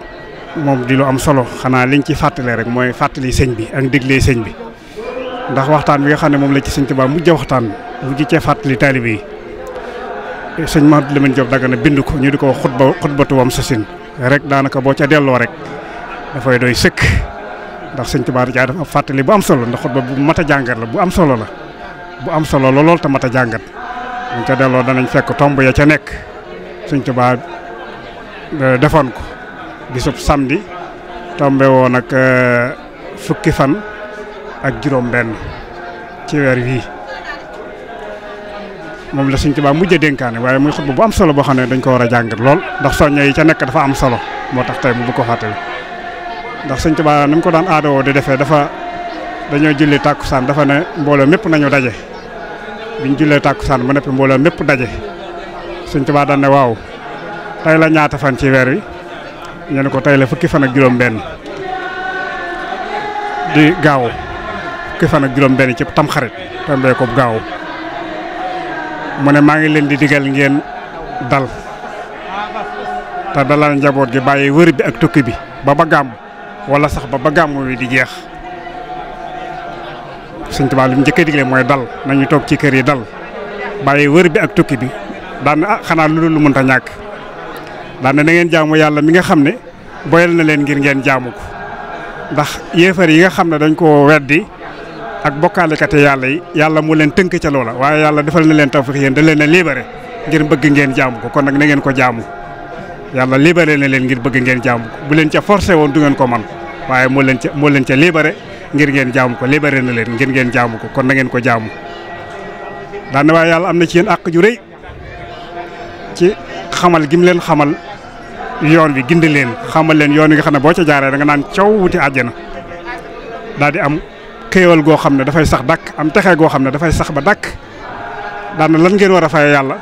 moom di lu am solo xanaa liñ ci fàttalee rek mooy fàttali sëñ bi ak diglee sëñ bi. ndax waxtaan bi xam ne moom la ci sëñ Tuubaa mujj waxtaan mujj cee fàttali taalibe yi sëñ Maodo Lamine Diop Dagana bind ko ñu di ko wax xutba xutbatu wam sasin rek daanaka boo ca delloo rek dafay doy sëkk ndax sëñ Tuubaa da dafa fàttali bu am solo ndax xutba bu mat a jàngat la bu am solo la bu am solo la lool te mat a jàngat buñ ca delloo danañ fekk tomb ya ca nekk sëñ Tuubaa euh, defoon ko bisub samedi tombe woon ak euh, fukki fan. ak juróom benn ci weer wii moom la Sëñ Tuubaa mujj dénkaane waaye muy xutba bu am solo boo xam ne dañ ko war a jàngat lool ndax soññe yi ca nekk dafa am solo moo tax tey mu bu ko fàttali ndax Sëñ Tuubaa ni ko daan aadoo di defee dafa dañoo julli tàkkusaan dafa ne mbooloo mépp nañu daje biñ jullee tàkkusaan ba noppi mbooloo mépp daje Sëñ Tuubaa daan waaw tey la ñaata fan ci weer wi ñu ne ko tey la fan ak juróom benn di gaaw fukki fan ak juróom-benn ci tamxarit tàmbee ko gaaw mune ma ngi len di digal ngeen dal dal la njabot gi baye weur bi ak tukki bi ba ba gam wala sax ba ba gam wi di jeex seigne touba lim mu digle moy dal nañu tok ci yi dal baye weur bi ak tukki bi dan ah, xana lulu lu lu mënta ñàkk daan na ngeen jaamu yalla mi nga xamne boyal na len ngir ngeen jaamu ko ndax yi nga xamne dañ ko weddi ak bokkaalekate yàlla yi yàlla mu leen tënk ca loola waaye yàlla defal na leen tawfiix yéen da leen a libéré ngir bëgg ngeen jaamu ko kon nag na ko jaamu yàlla libéré na leen ngir bëgg ngeen jaamu ko bu leen ca forcé woon du ngeen ko man waaye moo leen ca moo leen ca libéré ngir ngeen jaamu ko libéré na leen ngir ngeen jaamu ko kon na ngeen ko jaamu daana waaye yàlla am na ci yéen àq ju ci xamal gi leen xamal yoon wi gindi leen xamal leen yoon wi nga xam ne boo ca jaaree da naan caw wuti xéewal goo xam ne dafay sax dàkk am texee goo xam ne dafay sax ba dàkk daana lan ngeen war a faye yàlla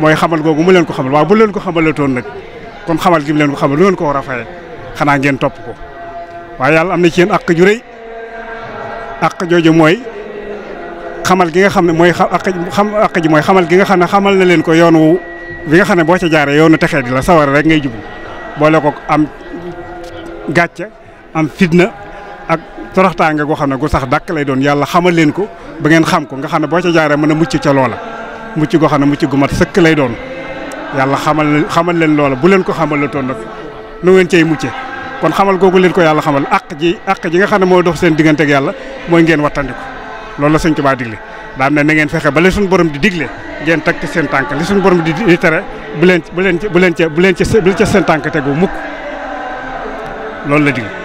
mooy xamal googu mu leen ko xamal waaw bu leen ko xamalatoon nag kon xamal gi mu leen ko xamal lu ngeen ko war a faye xanaa ngeen topp ko waaye yàlla am na ci yéen àq ju rëy àq jooju mooy xamal gi nga xam ne mooy àq ji mooy xamal gi nga xam ne xamal na leen ko yoonu bi nga xam ne boo ca jaaree yoonu texee di la sawara rek ngay jublu boole ko am gàcce am fitna toroxtaange goo go ne gu sax dak lay don yalla xamal len ko ba ngeen xam ko nga xamne bo boo ca jaaree mën a mucc ca lola mucc go xamne ne mucc gu mat sekk lay don yalla xamal xamal len lola bu len ko xamalatoon nak nu ngeen cey mucce kon xamal gogu len ko yalla xamal ak ji ak ji nga xamne mo mooy dox seen digganteeg yalla moy ngeen watandiko lola seigne touba Tuubaa digle am ne na ngeen fexé ba li borom di digle ngeen takk sen tànk li suñu borom di di tere bu len bu leen bu len ci bu len ci sen tank tegu mukk loolu la digle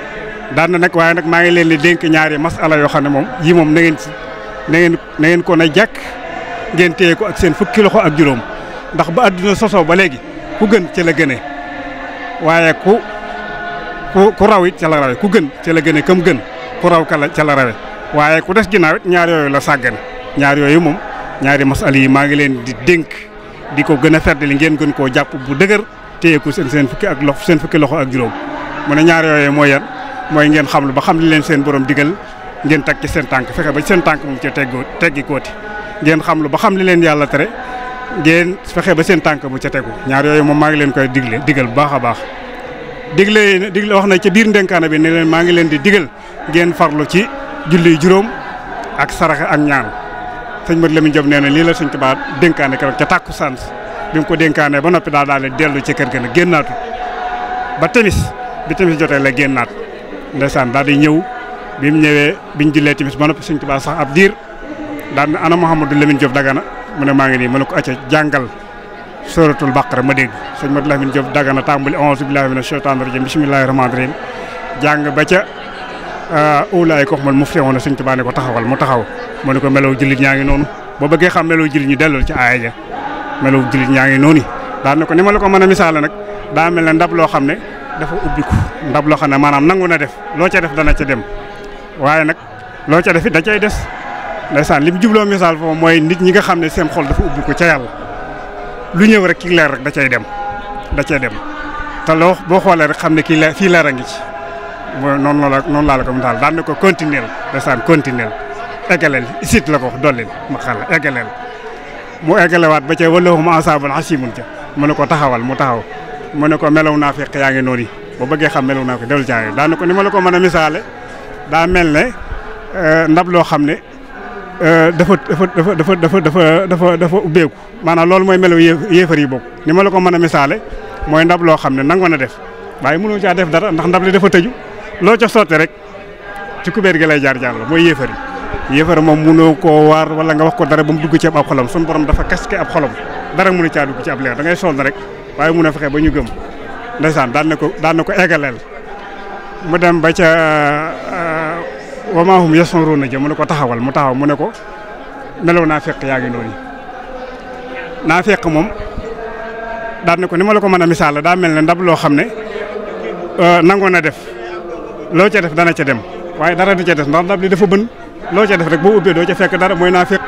daan na nag waaye nag maa ngi leen di dénk ñaari masala yoo xam ne moom yi moom na ngeen na ngeen na ngeen ko na jàkk ngeen téye ko ak seen fukki loxo ak juróom ndax ba àdduna sosoo ba léegi ku gën ci la gënee waaye ku ku ku raw yit ca la rawe ku gën ca la gënee kam gën ku raw ka la ca la rawe waaye ku des ginnaaw it ñaar yooyu la sàggane ñaar yooyu moom ñaari masala yi maa ngi leen di dénk di ko gën a ferdali ngeen gën koo jàpp bu dëgër téye ko seen seen fukki ak loxo seen fukki loxo ak juróom mu ne ñaar mooy ngeen xam lu ba xam li leen seen borom digal ngeen teg ci seen tànk fexe ba seen tànk moom ca teggoo teggi kooti ngeen xam lu ba xam li leen yàlla tere ngeen fexe ba seen tànk bu ca tegu ñaar yooyu moom maa ngi leen koy digle digal bu baax a baax digle digle wax na ca biir ndenkaana bi ne leen maa ngi leen di digal ngeen farlu ci julli juróom ak saraxe ak ñaan sëñ Mat Lamin Jóob nee na lii la sëñ Tuubaa dénkaane keroog ca tàkku sant bi mu ko dénkaane ba noppi daal daal di dellu ci kër ga nag génnaatu ba timis bi timis jotee la génnaat ndeysaan daal di ñëw bi mu ñëwee biñ jullee timis ba noppi sëñ Tuubaa sax ab diir daan ana Mouhamadou Lamine Diop Dagana mu ne maa ngi nii mu ne ko acca jàngal suratul baqara ma dégg sëñ Mouhamadou Lamine Diop Dagana tàmbali auzu billahi mina shaytaani rajim bismillahi rahmaani rahim jàng ba ca euh, ulaay ko xamal mu feewoon sëñ Tuubaa ne ko taxawal mu taxaw mu ne ko melaw jullit ñaa ngi noonu boo bëggee xam melaw jullit ñu dellul ci aaya ja melaw jullit ñaa ngi noonu daan ko ni ma la ko mën a misaale nag daa mel ne ndab loo xam ne dafa ubbiku ndab loxo ne maanaam nangu na def loo ca def dana ca dem waaye nag loo ca def it da cay des ndeysaan li mu jubloo misaal foofu mooy nit ñi nga xam ne seen xol dafa ubbiku ca yàlla lu ñëw rek ki leer rek da cay dem da cay dem te loo boo xoolee rek xam ne kii leer fii leer a ngi ci mooy noonu la noonu laa la ko mu daal daan na ko continuer ndeysaan continuer eggaleel isit la ko wax dollil ma xala eggaleel mu eggalewaat ba ca wala waxuma ensemble xasimun mu ne ko taxawal mu taxaw mu ko melaw na fekk yaa noni bo beugé xam melaw na ko del jaay da ne ni ma ko mën a Mana daa euh ndab lo xam euh dafa dafa dafa dafa dafa dafa dafa melaw yéefar yi ni ma ko mën a moy ndab lo xam nang wana def waaye mënoo ja def dara ndax ndab li dafa teju lo ci sotti rek ci kubéer gi lay jaar jaar moy mooy yéefar mom yéefar ko war wala nga wax ko dara ba mu dugg ci ab xolam sun borom dafa kaske ab xolam dara mënu dugg ci ab leer da ngay sol rek waye mu na fexé ba ñu gëm ndaysan dal na ko daan na ko eggaleel mu dem ba ca euh, hum yasonruuna je mu ne ko taxawal mu taxaw mu ne ko melaw na fekk yaagi noni na fekk mom dal na ko la ko ndab lo xamné euh nangona def lo ca def dana ca dem waye dara du ca def ndax ndab li dafa bën lo ca def rek bo ubbee do ca fekk dara moy na fekk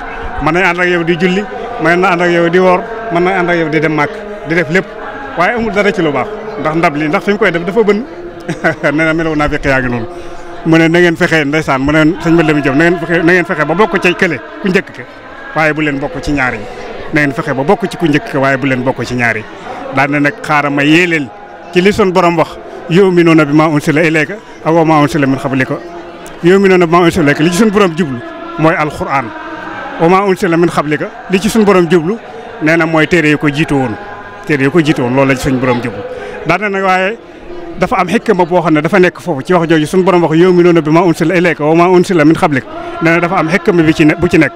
man na and ak yow di julli man na and ak yow di wor man na and ak yow di dem mak di def lepp waaye amul dara ci lu baax ndax ndab li ndax fi mu koy def dafa bën nee na melaw naa fekk yaa ngi noonu mu ne na ngeen fexe ndeysaan mu ne sëñ ma lemi jëm na ngeen fexe na ngeen fexe ba bokk ci kële ku njëkk ke waaye bu leen bokk ci ñaar yi na fexe ba bokk ci ku njëkk ke waaye bu leen bokk ci ñaari yi daan na nag xaaral ma yee leen ci li sun borom wax yow mi noona bi maa unsila ilayka aw maa unsila min qablika yow mi noona bi maa unsila li ci sun borom jublu mooy alquran wa maa unsila min qablika li ci sun borom jublu nee na mooy téere yi ko jiitu acteurs yi ko jiite woon loolu lañ suñ borom jublu daana nag waaye dafa am xikma boo xam ne dafa nekk foofu ci wax jooju suñu borom wax yow mi noonu bi ma unsila ilayka wa ma unsila min xablik dana dafa am xikma bi ci bu ci nekk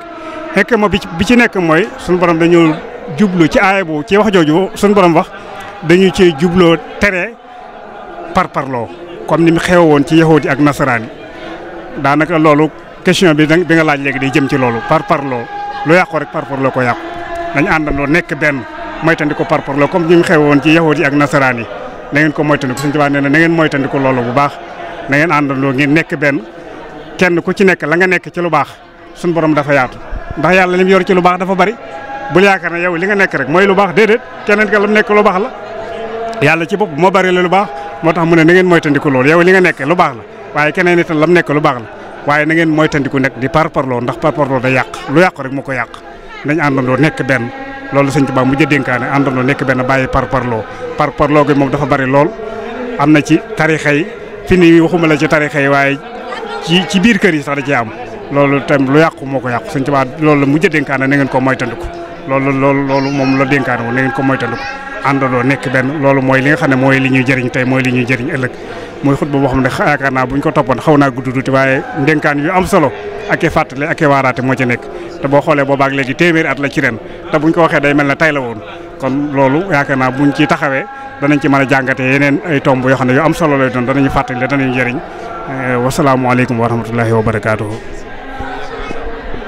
xikma bi ci nekk mooy suñu borom dañoo jublu ci aaya bu ci wax jooju suñu borom wax dañu cee jubloo tere par parloo comme ni mu xew woon ci yahudi ak nasaraan yi daanaka loolu question bi bi nga laaj léegi day jëm ci loolu par parloo lu yàqu rek par parloo ko yàqu dañ àndandoo nekk benn moytandiku par parlo comme ni mu xewoon ci yahood yi ak nasaraan yi na ko moytandiku Sëñ Tuubaa nee na na ngeen moytandiku loolu bu baax na ngeen àndandoo ngeen nekk benn kenn ku ci nekk la nga nekk ci lu baax suñu borom dafa yaatu ndax yàlla li mu yor ci lu baax dafa bari bul yaakaar ne yow li nga nekk rek mooy lu baax déedéet keneen ka la nekk lu baax la yàlla ci bopp moo bari la lu baax moo tax mu ne na ngeen moytandiku loolu yow li nga nekk lu baax la waaye keneen itam la mu nekk lu baax la waaye na ngeen moytandiku nag di par parloo ndax par parloo da yàq lu yàq rek moo ko yàq nañ àndandoo nekk benn loolu sëñ Tuubaa mujj a dénkaane àndandoo nekk benn bàyyi par parloo par parloo gi moom dafa bari lool am na ci tarixa yi fi ni waxuma la ci tarixa yi waaye ci ci biir kër yi sax da ci am loolu tam lu yàqu moo ko yàqu sëñ Tuubaa loolu la mujj a dénkaane na ngeen ko moytandiku loolu loolu loolu moom la dénkaane woon na ngeen ko moytandiku àndandoo nekk benn loolu mooy li nga xam ne mooy li ñuy jariñ tey mooy li ñuy jariñ ëllëg mooy xutba boo xam ne yaakaar naa bu ñu ko toppoon xaw naa gudd tuuti waaye ndénkaan yu am solo ak i fàttali ak i waaraate moo ci nekk te boo xoolee boobaak léegi téeméeri at la ci ren te buñ ko waxee day mel ne tay la woon kon loolu yaakaar naa bu buñ ci taxawee danañ ci mën a jàngatee yeneen ay tomb yoo xam ne yu am solo lay doon danañu fàttali la danañu jëriñ wasalaamualeykum wa rahmatullahi wa barakaatuhu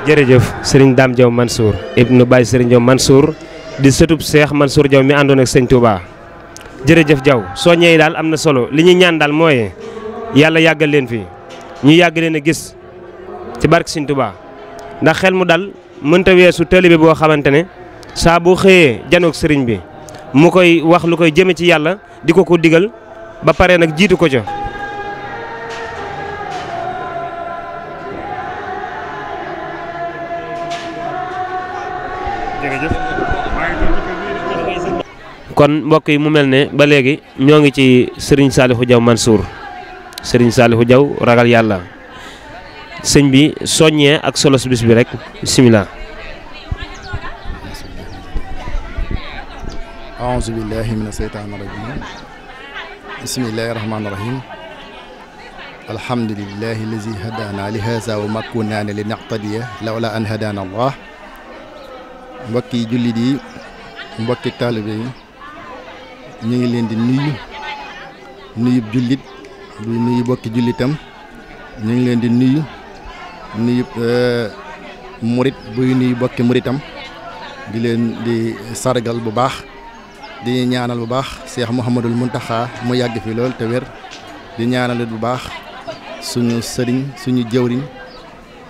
jërëjëf sëriñ Dame Diaw Mansour ibnu Baye sëriñ Diaw Mansour di sëtub Seex Mansour Diaw mi àndoon ak sëñ jërëjëf Diaw soññee yi daal am na solo li ñuy ñaan daal mooy yàlla yàggal leen fii ñu yàgg leen a gis ci barke Sëñ ndax xel mu dal mënta weesu taalibe boo xamante ne saa boo xëyee janoog sëriñ bi mu koy wax lu koy jëme ci yàlla di ko ko digal ba pare nag jiitu ko ca. kon mbokk yi mu mel ne ba léegi ñoo ngi ci sëriñ Saalihu Jaw Mansour sëriñ Saalihu Jaw ragal yàlla sëñ bi soññee ak solo bis bi rek bisimilah. aouzu billahi mina seytaani rajim bismillahi rahmaani rahim alhamdulilah hadaana li haza wa makunaana li naqtadiya lawla an hadaana allah mbokki jullit yi mbokki taalibe ñu ngi leen di nuyu nuyu jullit du nuyu bokki jullitam ñu ngi leen di nuyu nuyu euh, murit buy nuyu bokki muritam di leen di sargal bu baax di ñaanal bu baax Cheikh Mouhamadul muntaxaa mu yàgg fi lool te wér di ñaanalit bu baax suñu sëriñ suñu jëwriñ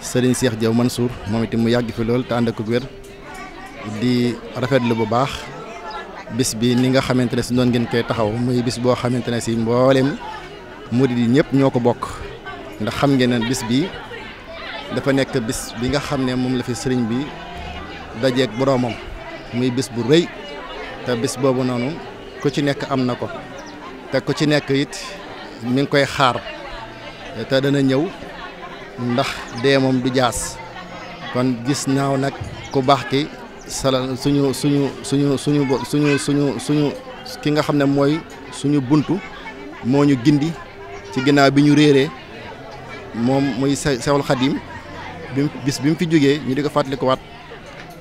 sëriñ seex jëw Mansour moom itam mu yàgg fi lool te ànd ak wér di rafetlu bu baax. bis bii ni nga xamante ne si noon ngeen koy taxaw muy bis boo xamante ne si mbooleem murid yi ñëpp ñoo ko bokk ndax xam ngeen ne bis bi dafa nekk bis bi nga xam ne moom la fi sëriñ bi dajeeg boroomam muy bis bu rëy te bis boobu noonu ku ci nekk am na ko te ku ci nekk it mu ngi koy xaar te dana ñëw ndax dee moom du jaas kon gis naaw nag ku baax ki salal suñu suñu suñu suñu suñu suñu suñu ki nga xamne moy suñu buntu moñu gindi ci ginnaaw biñu réré mom moy sewul khadim bi bis bim fi joggé ñu diko ko wat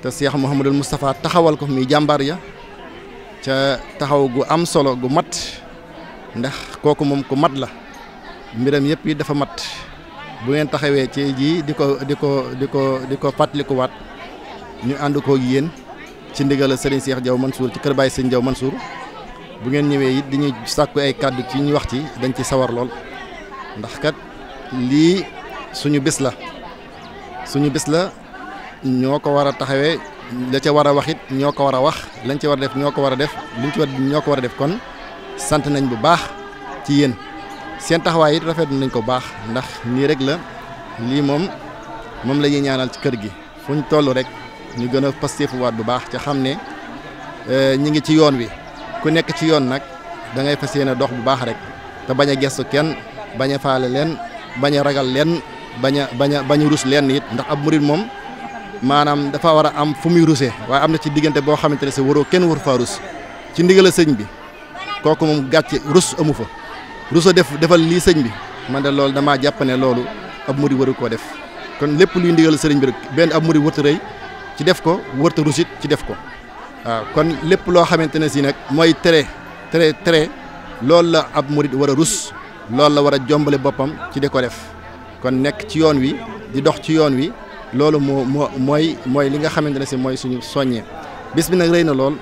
te Cheikh al mustafa taxawal ko mi jambar ya ca taxaw gu am solo gu mat ndax koku mom ku mat la mbiram yep yi dafa mat bu ngeen taxawé ci ji diko diko diko diko di wat ñu and ko yeen ci ndigal Serigne Cheikh Diaw Mansour ci kër Baye Serigne Diaw Mansour bu ngeen ñëwee it dañuy sakku ay cadeau ci ñu wax ci dañ ci sawar lool ndax kat li suñu bis la suñu bis la ñoko wara taxawé la ci wara waxit ñoko wara wax lañ ci wara def ñoko wara war def luñ ci wara ñoko wara def kon sant nañ bu baax ci yeen seen taxaway yi rafet nañ ko baax ndax ni rek la li mom mom la ñaanal ci kër gi fuñ tollu rek. ñu gën a pasteefuwaat bu baax ca xam ne euh, ñu ngi ci yoon wi ku nekk ci yoon nag da ngay fas yéene dox bu baax rek te bañ a gestu kenn bañ a faale leen bañ a ragal leen bañ a bañ bañ a rus leen it ndax ab murit moom maanaam dafa war a am fu muy rusee waaye am na ci diggante boo xamante ne si waroo kenn waru faa rus ci ndigal a sëñ bi kooku moom gàcce rus amu fa rus a def defal lii sëñ bi man de loolu damaa jàpp ne loolu ab murit waru koo def kon lépp luy ndigal sëriñ bi rek benn ab murit warut a ci def ko wërta rusit ci def ko waaw kon lépp loo xamante ne si nag mooy tere tere tere loolu la ab murit war a rus loolu la war a jombale boppam ci di ko def kon nekk ci yoon wi di dox ci yoon wi loolu moo moo mooy mooy li nga xamante ne si mooy suñu soññee bis bi nag rey na lool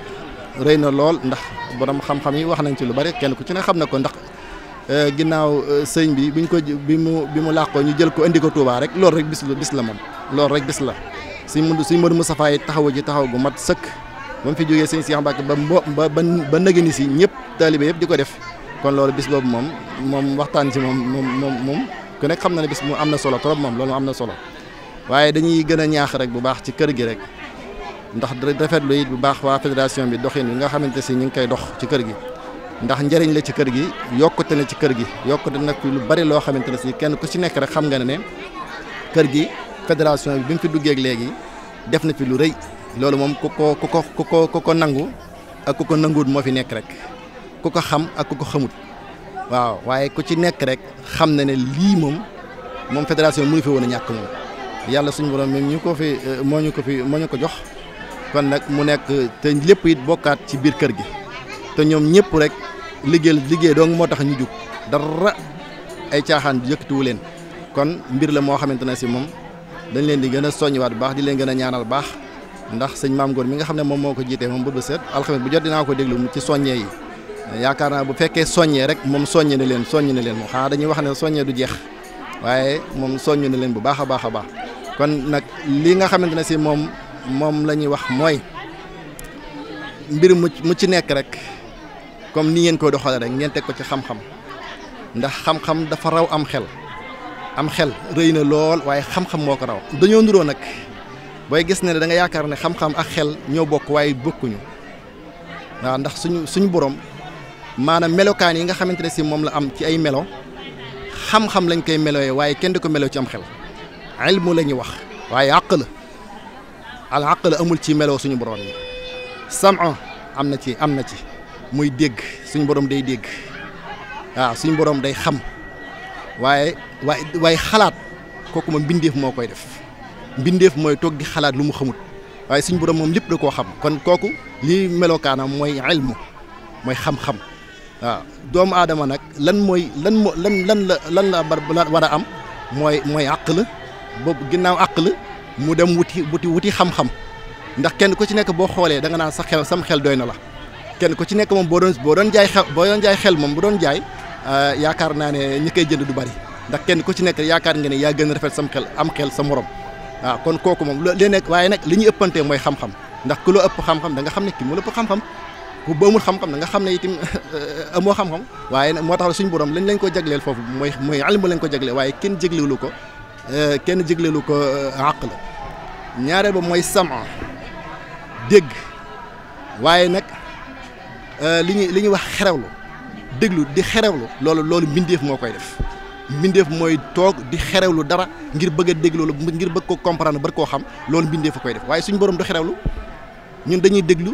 rëy na lool ndax borom xam-xam yi wax nañ ci lu bari kenn ku ci ne xam na ko ndax euh, ginnaaw euh, sëñ bi buñ ko bi mu bi mu làqoo ñu jël ko indi ko Tuubaa rek loolu rek bis la bis la moom loolu rek bis la suñ mën suñ Modou Moustapha yi taxawu ci taxaw gu mat sëkk ba mu fi jógee sëñ Cheikh Mbacke ba ba ba nëgëni si ñëpp taalibe yëpp di ko def kon loolu bis boobu moom moom waxtaan ci moom moom moom moom ku nekk xam na ne bis mu am na solo trop moom loolu am na solo waaye dañuy gën a ñaax rek bu baax ci kër gi rek ndax rafetlu it bu baax waa fédération bi doxin bi nga xamante si ñu ngi koy dox ci kër gi ndax njëriñ la ci kër gi yokkute na ci kër gi yokkute nag lu bari loo xamante ne si kenn ku ci nekk rek xam nga ne ne kër gi fédération bi bi mu fi duggee léegi def na fi lu rëy loolu moom ku ko ku ko ku ko ku ko nangu ak ku ko nanguwut moo fi nekk rek ku ko xam ak ku ko xamut waaw waaye ku ci nekk rek xam na ne lii moom moom fédération mu fi woon a ñàkk moom yàlla suñu borom même ñu ko fi euh, moo ñu ko fi moo ñu ko jox kon nag mu nekk te lépp it bokkaat ci biir kër gi te ñoom ñëpp rek liggéey liggéey dong moo tax ñu jug dara ay caaxaan yëkkatiwu leen kon mbir la moo xamante ne si moom dañ leen di gën a soññiwaat bu baax di leen gën a ñaanal baax ndax sëñ maam Ngor mi nga xam ne moom moo ko jiitee moom bët bu set alxames bu jot dinaa ko déglu ci soññee yi yaakaar naa bu fekkee soññee rek moom soññe ne leen soññ na leen moom xanaa dañuy wax ne soññee du jeex waaye moom soññ na leen bu baax a baax a baax kon nag li nga xamante ne si moom moom la ñuy wax mooy mbir mu mu ci nekk rek comme ni ngeen koy doxale rek ngeen teg ko ci xam-xam ndax xam dafa raw am xel am xel reyna lol lool xam-xam moko raw dañu nduro nak boy gis ne da nga yaakaar ne xam-xam ak xel ño bok bokk bokku ñu wa ndax suñu suñu borom maanaam melokan yi nga xamantene ci mom la am ci ay melo xam-xam lañ koy melowee waaye kenn diko melo ci am xel ilmu la wax waaye aql al aql amul ci melo suñu borom yi sama amna ci amna ci muy deg suñu borom day deg wa suñu borom day xam waaye waaye waaye xalaat kooku moom mbindeef moo koy def mbindeef mooy toog di xalaat lu mu xamut waaye suñ borom moom lépp da koo xam kon kooku li melokaanam mooy ilmu mooy xam-xam waaw doomu aadama nag lan mooy lan moo lan lan la lan la war a am mooy mooy la boobu ginnaaw la mu dem wuti wuti wuti xam-xam ndax kenn ku ci nekk boo xoolee danga nga naan sa xel sam xel doy na la kenn ku ci nekk moom boo doon boo doon jaay xel boo doon jaay xel moom bu doon jaay Euh, yaakaar naa ne ñi koy jënd du bari ndax kenn ku ci nekk yaakaar nga ne yaa gën a rafet sam xel am xel sa morom waaw kon kooku moom li nekk waaye nag li ñu ëppantee mooy xam-xam ndax ku loo ëpp xam da nga xam ne kii mu ëpp xam-xam ku boomul xam-xam da nga xam ne itam amoo xam-xam waaye nag moo tax suñu borom lañ lañ ko jagleel foofu mooy mooy almu lañ ko jagleel waaye kenn ko euh, kenn jégleelu ko euh, àq la ñaareel ba mooy sama nag li li ñuy wax xerewlu déglu di xerewlu loolu loolu mbindeef moo koy def mbindeef mooy toog di xerewlu dara ngir bëgg a déglu loolu ngir bëgg ko comprendre bër koo xam loolu mbindeef a koy def waaye suñu borom du xerewlu ñun dañuy déglu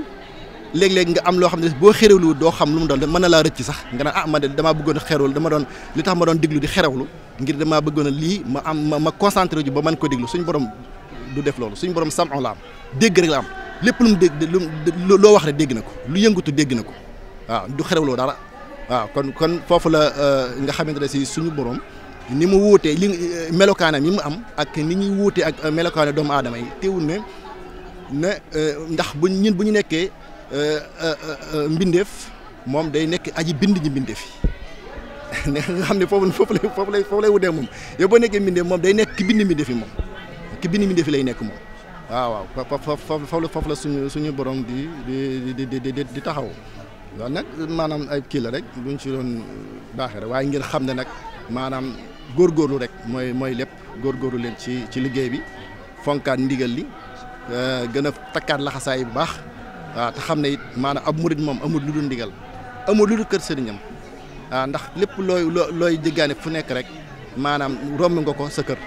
léeg-léeg nga am loo xam ne boo xerewlu doo xam lu mu doon mën na laa rëcc sax nga ne ah man de damaa bëggoon a dama doon li tax ma doon déglu di xerewlu ngir damaa bëggoon a lii ma am ma ma concentré ju ba mën ko déglu suñu borom du def loolu suñu borom sam'on la am dégg rek la am lépp lu mu dégg lu loo wax rek dégg na ko lu yëngatu dégg na ko waaw du xerewloo dara waaw kon kon foofu la nga xamante ne si suñu borom ni mu wuutee li melokaanam yi mu am ak ni ñuy wuutee ak melokaane doomu aadama yi teewul ne ne ndax bu ñun bu ñu nekkee mbindeef moom day nekk aji bind ñi mbindeef yi nga xam ne foofu foofu lay foofu lay foofu lay wutee moom yow boo nekkee mbindeef moom day nekk ki bind mbindeef yi moom ki bind mbindeef yi lay nekk moom waaw waaw foofu foofu la suñu suñu borom di di di di di taxaw. loolu nag maanaam ay kii la rek buñ ci doon baaxe rek waaye ngir xam ne nag maanaam góor góorlu rek mooy mooy lépp góorgóorlu leen ci ci liggéey bi fonkaat ndigal li euh, gën a takkaat laxasaay bu baax waaw te xam ne it maanaam ab murit moom amul lu dul ndigal amul lu dul kër sëriñam waaw ndax lépp looy looy jëggaane fu nekk rek maanaam romb nga ko sa kër.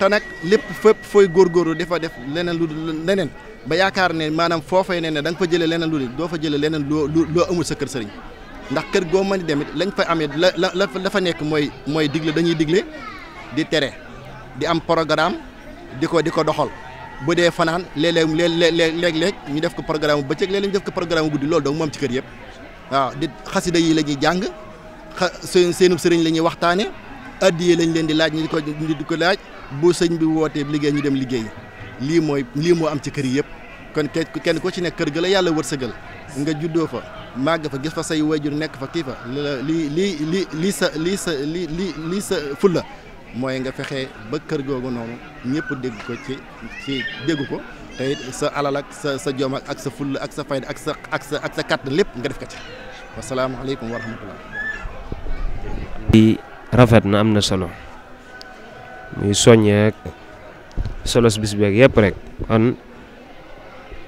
te nag lépp fépp fooy góorgóorlu di fa def leneen lu leneen ba yaakaar ne maanaam foofay ne ne da nga fa jëlee leneen lu dul doo fa jëlee leneen loo loo amul sa kër sëriñ ndax kër goo man di demit lañu fa amee la la la fa nekk mooy mooy digle dañuy digle di tere di am programme di ko di ko doxal bu dee fanaan léeg-léeg léeg-léeg ñu def ko programme bu bëccëg léeg-léeg ñu def ko programme guddi loolu donc moom ci kër yëpp waaw di xasida yi la ñuy jàng xa seen seenub sëriñ la ñuy waxtaanee. adiyé lañ leen di laaj ñi ko ñi di ko laaj bu sëñ bi woté liggéey ñu dem liggéey li moy li mo am ci kër yépp kon kenn ko ci nek kër ga la yalla wërsegal nga juddoo fa màgg fa gis fa say wayjur nekk fa kii fa li li li li sa li sa li li li sa fulla mooy nga fexe ba kër googu noonu ñëpp dégg ko ci ci dégg ko te sa alal ak sa sa jom ak sa fulla ak sa fayda ak sa ak sa ak sa kàtt lépp nga def ko ci wasalaamaaleykum wa rahmatullah rafet na amna na solo muy soññeek solos bis ak yëpp rek kon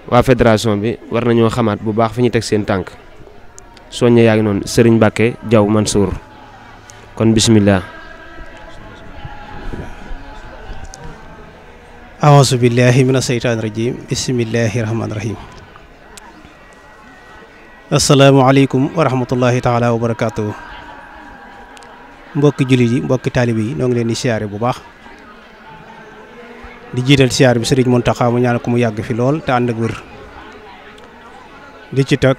wa fédération bi war nañu xamaat bu baax fiñu tek seen tank soññe yaa non Serigne bakay jaw Mansour kon Bismillah. aawusu billahi mina seytaani rajim bisimilahi rahmaani rahim. taala wabarakatuh mbokk julli yi mbokk talib yi noo ngi leen di siaré bu baax di jital siyaare bi serigne Mountakha mu ñaan ko mu yàgg fi lool ta and ak wër di ci teg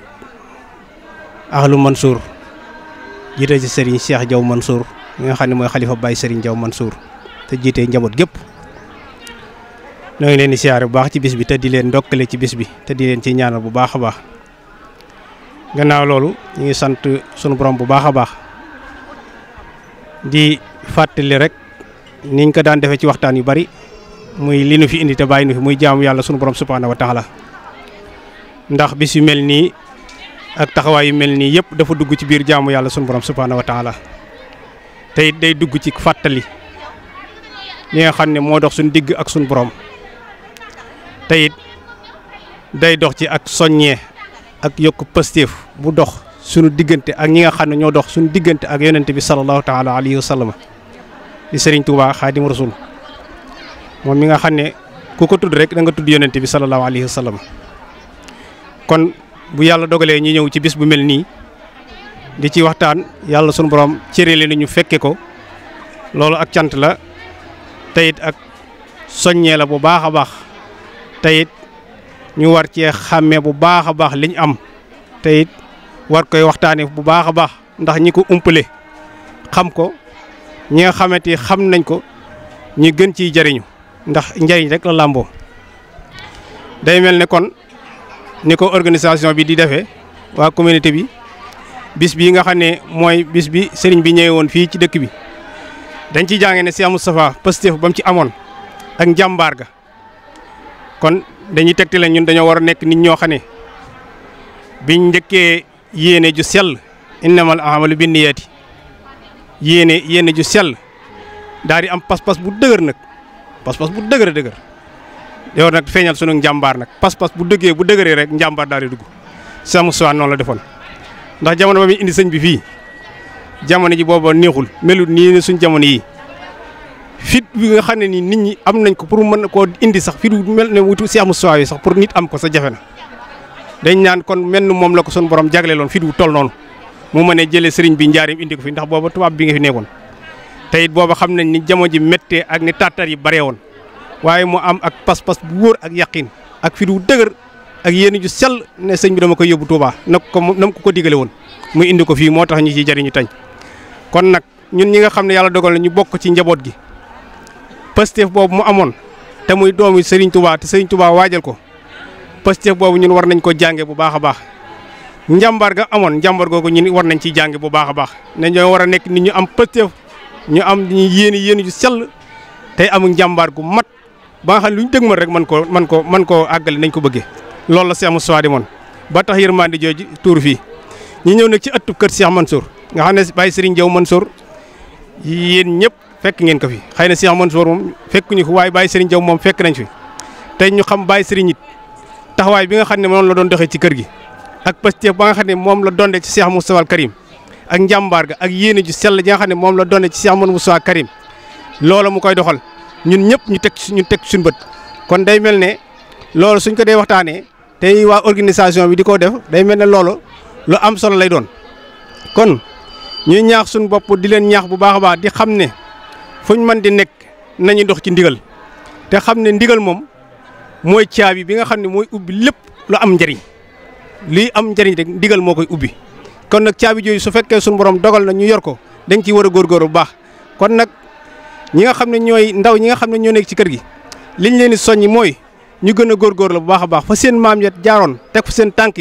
ahlu Mansour jité ci serigne Cheikh jaw Mansour nga xamni moy khalifa Baye serigne jaw Mansour te jité njabot gep noo ngi leen di siaré bu baax ci bis bi te di leen ndokkale ci bis bi te di leen ci ñaanal bu baaxa baax gannaaw loolu ñu ngi sant sunu borom bu baaxa baax di fatali rek niñ ko daan defé ci waxtaan yu bari muy li nu fi indi te bayinu fi muy jaamu yalla sunu borom subhanahu wa taala ndax bis yu ak taxaway yu mel yépp dafa dugg ci biir jaamu yalla sunu borom subhanahu wa taala tay day dugg ci fatali ñi nga xam mo dox suñu digg ak suñu borom day dox ci ak soññee ak yok bu dox sunu diggante ak ñi nga xam ne ñoo dox sunu diggante ak yonent bi sallallahu taala alayhi wa sallam di Serigne Touba Xaadim Rasul moom mi nga xam ne ku ko tudd rek da nga tudd yonent bi sallallahu alayhi wa sallam kon bu yàlla dogalee ñu ñëw ci bis bu mel nii di ci waxtaan yàlla sunu borom cëreele na ñu fekke ko loolu ak cant la teyit ak soññee la bu baax a baax teyit ñu war cee xàmmee bu baax a baax liñ am teyit war koy waxtane bu baakha a baax ndax ñi ko umpelé xam ko ñi nga xamante xam nañ ko ñi gën ci jariñu ndax njariñ rek la lambo day melni kon ni ko organisation bi di defee wa communauté bi bis bi nga xamné moy bis bi sëriñ bi ñëwoon fi ci dëkk bi dañ ci jàngé né Cheikh Moustapha positif bam ci amone ak jambar ga kon dañuy tekti ñun dañu war nek nit ñoo xamné biñ yene ju sel innamal amalu bin niyaati yene yéene ju sel dari Dari am pas-pas bu deuguer nak pas-pas bu deuguer deuguer yow nak feñal sunu jambar nak pas-pas bu dëggee bu dëgëree rek jambar dari di dugg sama suwaan la defon ndax jamono ba indi señ bi fi jamono ji bobo neexul melut nii ne suñ jamono yi fit bi nga xam ni nii nit ñi am nañ ko pour mën ko indi sax fit mel ne wutu si amu suwaa sax pour nit am ko sa jafena dañ naan kon menn moom la ko sunu borom jagleeloon fit wu toll noonu mu mënee jëlee sëriñ bi njaarim indi ko fi ndax booba tubaab bi nga fi nekkoon te it booba xam nañ ni jamono ji méttee ak ni tàttar yi bare woon waaye mu am ak pas-pas bu wóor ak yaqin ak fit wu dëgër ak yéen ju sell ne sëñ bi dama koy yóbbu Touba na ko na ko ko digale woon muy indi ko fii moo tax ñu ciy jariñu tañ kon nag ñun ñi nga xam ne yàlla dogal na ñu bokk ci njaboot gi Pastef boobu mu amoon te muy doomi Serigne Touba te Serigne waajal ko pëstef bobu ñun war nañ ko jàngé bu baaxa baax njambar ga amon njambar googu ñun war nañ ci jàngé bu baaxa baax ne ñoo wara nek nekk nit ñu am pëstef ñu am ñi yéene yéene ju sel tay am njambar gu mat ba xal luñu luñ dëgmal rek man ko man ko man ko agal nañ ko bëggee loolu la Cheikh Moustapha di moon ba tax yërmande jooju tour fi ñi ñëw nak ci attu kër Cheikh Mansour nga xam ne Baye Serigne Diaw Mansour yeen ñep fekk ngeen ko fi xëy Cheikh Mansour moom fekkuñu ko way Baye Serigne Diaw mom fekk nañ fi tay ñu xam Baye Serigne it taxawaay bi nga xam ne moom la doon doxee ci kër gi ak pastéef ba nga xam ne moom la donde ci Cheikh Moustapha Karim ak njàmbaar ga ak yéene ju sell ji nga xam ne moom la donde ci Cheikh Moustapha Karim loola mu koy doxal ñun ñëpp ñu teg ñu teg suñu bët kon day mel ne loolu suñ ko dee waxtaanee tey waa organisation bi di ko def day mel ne loolu lu am solo lay doon kon ñuy ñaax suñu bopp di leen ñaax bu baax a baax di xam ne fuñ mën di nekk nañu dox ci ndigal te xam ne ndigal moom mooy caabi bi nga xam ne mooy ubbi lépp lu am njariñ lii am njëriñ rek ndigal moo koy ubbi kon nag caabi jooyu su fekkee suñu borom dogal na ñu yor ko dañ ciy war a góorgóorlu bu baax kon nag ñi nga xam ne ñooy ndaw ñi nga xam ne ñoo nekk ci kër gi liñ leen di mooy ñu gën a góorgóorlu bu baax a baax fa seen maam ya jaaroon teg fa seen tànk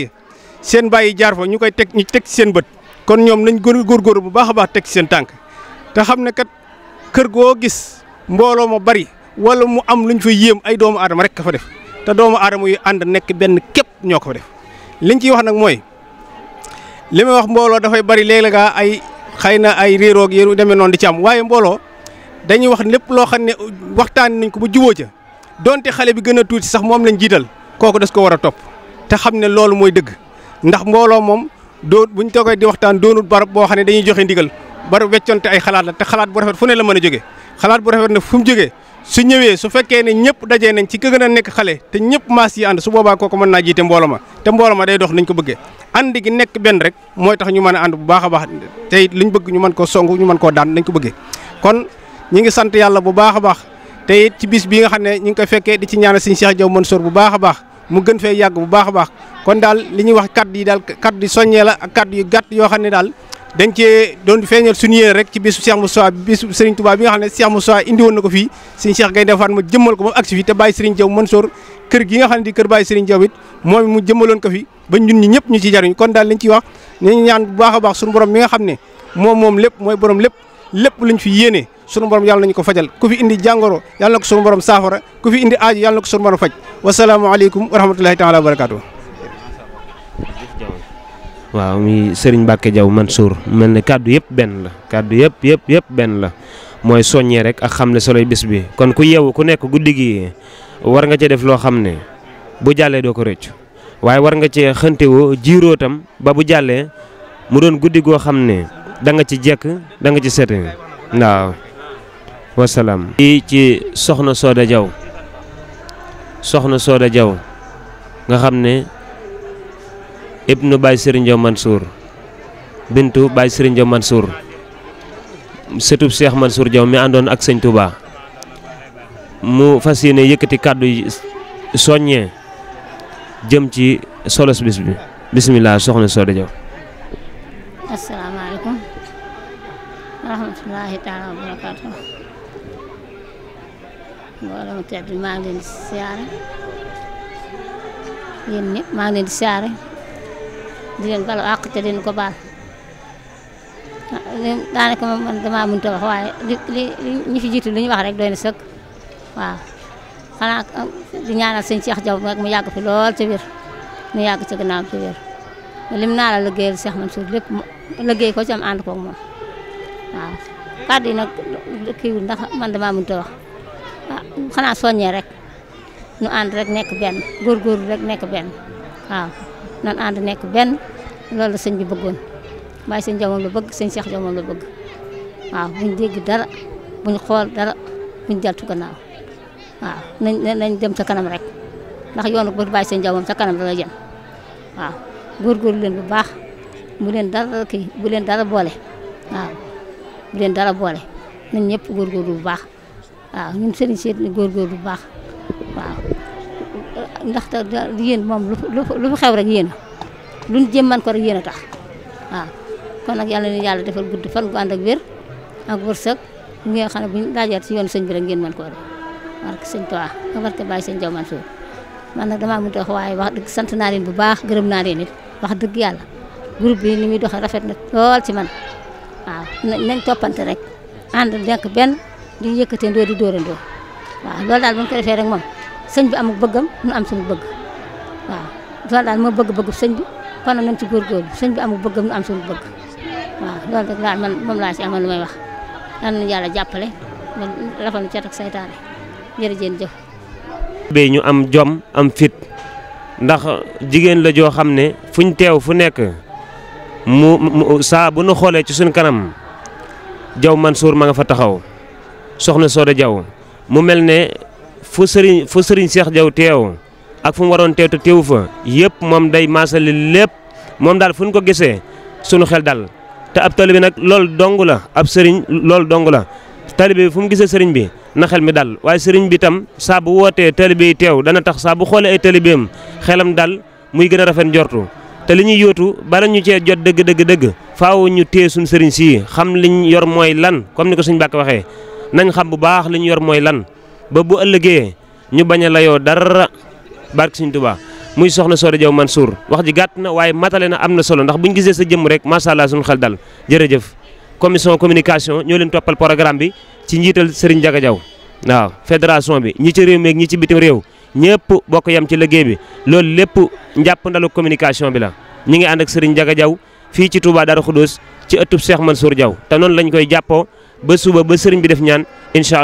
seen bàyyi jaar fa ñu koy teg ñu teg ci seen bët kon ñoom nañ gën a góorgóorlu bu baax a baax teg ci seen tànk te xam ne kat kër goo gis mbooloo ma bari wala mu am luñ fa yéem ay doomu aadama rek ka fa def te doomu adama yu ànd nekk benn képp ñoo ko fa def liñ ciy wax nag mooy li may wax mbooloo dafay bari léeg-léeg ay xëy na ay réeroog yéen demee noonu di ci am waaye mbooloo dañuy wax lépp loo xam ne waxtaan nañ ko ba jubóo ca donte xale bi gën a tuuti sax moom lañ jiital kooku des ko war a topp te xam ne loolu mooy dëgg ndax mbooloo moom doo buñ toogee di waxtaan doonul barab boo xam ne dañuy joxe ndigal barab wecconte ay xalaat la te xalaat bu rafet fu ne la mën a jóge xalaat bu rafet na fu mu jógee su ñëwé su féké ne ñëpp dajé nañ ci këgëna gën a nekk xale te ñëpp maas yi and su boba kooku mëna jité jiite té ma day dox niñ ko bëggé ànd gi nekk ben rek moy tax ñu mëna and bu baaxa baax té liñ bëgg ñu mën ko songu ñu mën ko daan niñ ko bëggé kon ñi ngi sant yalla bu baaxa baax té it ci bis bi nga xamné ne ñu ngi féké di ci ñaan sëñ Cheikh Diaw Mansour bu baaxa baax mu gën fee yag bu baaxa baax kon dal liñ wax kaddu yi daal kaddu soñé la ak kaddu yu gatt yo xamné dal dañ don doon feñal suñu yeen rek ci bisu Cheikh Moussa bisu Serigne Touba bi nga xamne Cheikh Moussa indi won nako fi fii Serigne Cheikh Gaynde Fatma jëmmal ko ba agsi fi te baye Serigne Diaw Mansour kër gi nga xamne di kër baye Serigne Diaw it mom mu jëmmalon ko fi ba ñun ñi ñëpp ñu ci jarign kon dal lañ ci wax ñi ñaan bu baaxa baax suñu borom mi nga xamne mom mom lepp moy borom lepp lepp luñ fi yene suñu borom yalla nañ ko fajal ku fi indi jangoro yalla nako suñu borom safara ku fi indi aaji yalla nako suñu borom faj salaamu alaykum wa rahmatullahi ta'ala wa barakatuh waaw sëriñ Serigne Mbacke Diaw Mansour mel ne kàddu yëpp benn la kàddu yëpp yëpp yëpp benn la mooy soññee rek ak xam ne soloy bis bi kon ku yeewu ku nekk guddi gi war nga ca def loo xam ne bu jàllee doo ko rëccu war nga cee xëntewoo jiiroo tam ba bu jàllee mu doon guddi goo xam ne danga ci jekk danga ci sete waaw wasalaam. fii ci soxna Soda Diaw soxna Soda Diaw nga xam ne. ibnu bay Serigne Mansour bintu bay Serigne Diaw Mansour setup Cheikh Mansour Diaw mi andone ak serigne Touba mu fasiyene yekati kaddu soñe jëm ci solos bis bi bismillah soxna Soda Diaw. assalamu alaykum rahmatullahi taala wa barakatuh mbooloo mu tedd ngi leen siara yeen yéen ma ngi leen di leen balu àq te ko baal daanaka moom man damaa mënut wax waaye li li ñi fi jiitu li ñu wax rek doy na sëkk waaw xanaa di ñaanal sëñ Cheikh Diaw mu yàgg fi lool ci wér mu yàgg ci gannaaw ci wér lim naa la seex Cheikh Mansour lépp liggéey ko ci am ànd koog moom waaw kàddu yi nag kii ndax man damaa mënut a wax ah xanaa soññee rek nu ànd rek nekk benn góorgóorlu rek nekk benn waaw nan ànd nekk benn loolu la sëñ bi bëggoon bàyyi sëñ jamoom la bëgg sëñ Cheikh jamoom la bëgg waaw buñ dégg dara buñ xool dara buñ jaltu gannaaw waaw nañ nañ dem sa kanam rek ndax yoonu bu bàyyi sëñ jamoom sa kanam dana jëm waaw góorgóorlu leen bu baax bu leen dara kii bu leen dara boole waaw bu leen dara boole nañ ñëpp góorgóorlu bu baax waaw ñun sëriñ seet ni góorgóorlu bu baax waaw ndaxte yéen moom lu lu lu xew rek yéen luñ jëm man ko rek yéen tax waaw kon nak yalla ni yalla defal gudd fan ko and ak wér ak wërsëg ñi nga xam ne buñ laajaat si yoon señ bi rek ngeen man ko rek barke señ toa ak barke Baye señ Jaw Mansour man nak dama mënut wax way wax deug sant na leen bu baax gërëm na leen nit wax deug yalla groupe bi ni mi doxee rafet na lol ci man waaw nañ topante rek and nekk ben di ndo di dóorandoo waaw loolu daal bu ñu ko defee rek mom señ bi amuk bëggam ñu am suñu bëgg waaw lol dal mo bëgg bëgg señ bi kon nag nañ ci góorgóorlu sëñ bi amul bëggam ñu am suñu bëgg waaw loolu rek man moom laa si amal lu may wax yal nañu yàlla jàppale man lafal cat ak saytaane jërëjeen jëf bee ñu am jom am fit ndax jigéen la joo xam ne fuñ teew fu nekk mu saa bu nu xoolee ci suñ kanam jaw suur ma nga fa taxaw soxna Soda Jaw mu mel ne fu sëriñ fu sëriñ Seex Jaw teew ak fu mu waroon teew te teewu fa yëpp moom day maasale lépp moom daal fu ñu ko gisee sunu xel dal te ab taalibe nag loolu dong la ab sëriñ loolu dong la taalibe bi fu mu gisee sëriñ bi na xel mi dal waaye sëriñ bi tam saa bu wootee taalibe teew dana tax saa bu xoolee ay taalibeem xelam dal muy gën a rafet njortu te li ñuy yóotu bala ñu cee jot dëgg dëgg dëgg faaw ñu téye suñu sëriñ sii xam liñ yor mooy lan comme ni ko suñ bàkk waxee nañ xam bu baax li ñu yor mooy lan ba bu ëllëgee ñu bañ a layoo dara barke Sëriñ Tuubaa muy soxna Soda Diaw Mansour wax ji gàtt na waaye matale na am na solo ndax buñ gisee sa jëmm rek macha allah suñu xel dal jërëjëf commission communication ñoo leen toppal programme bi ci njiital Serigne Ndiaga Diaw waaw fédération bi ñi ci réew mi ak ci bitim réew ñëpp bokk yam ci liggéey bi lool lépp njàpp ndalu communication bi la ñi ngi ànd ak Serigne Ndiaga fii ci Touba Darou Khoudoss ci ëttub Cheikh Mansour Diaw te noonu lañ koy jàppoo ba suba ba sëriñ bi def ñaan incha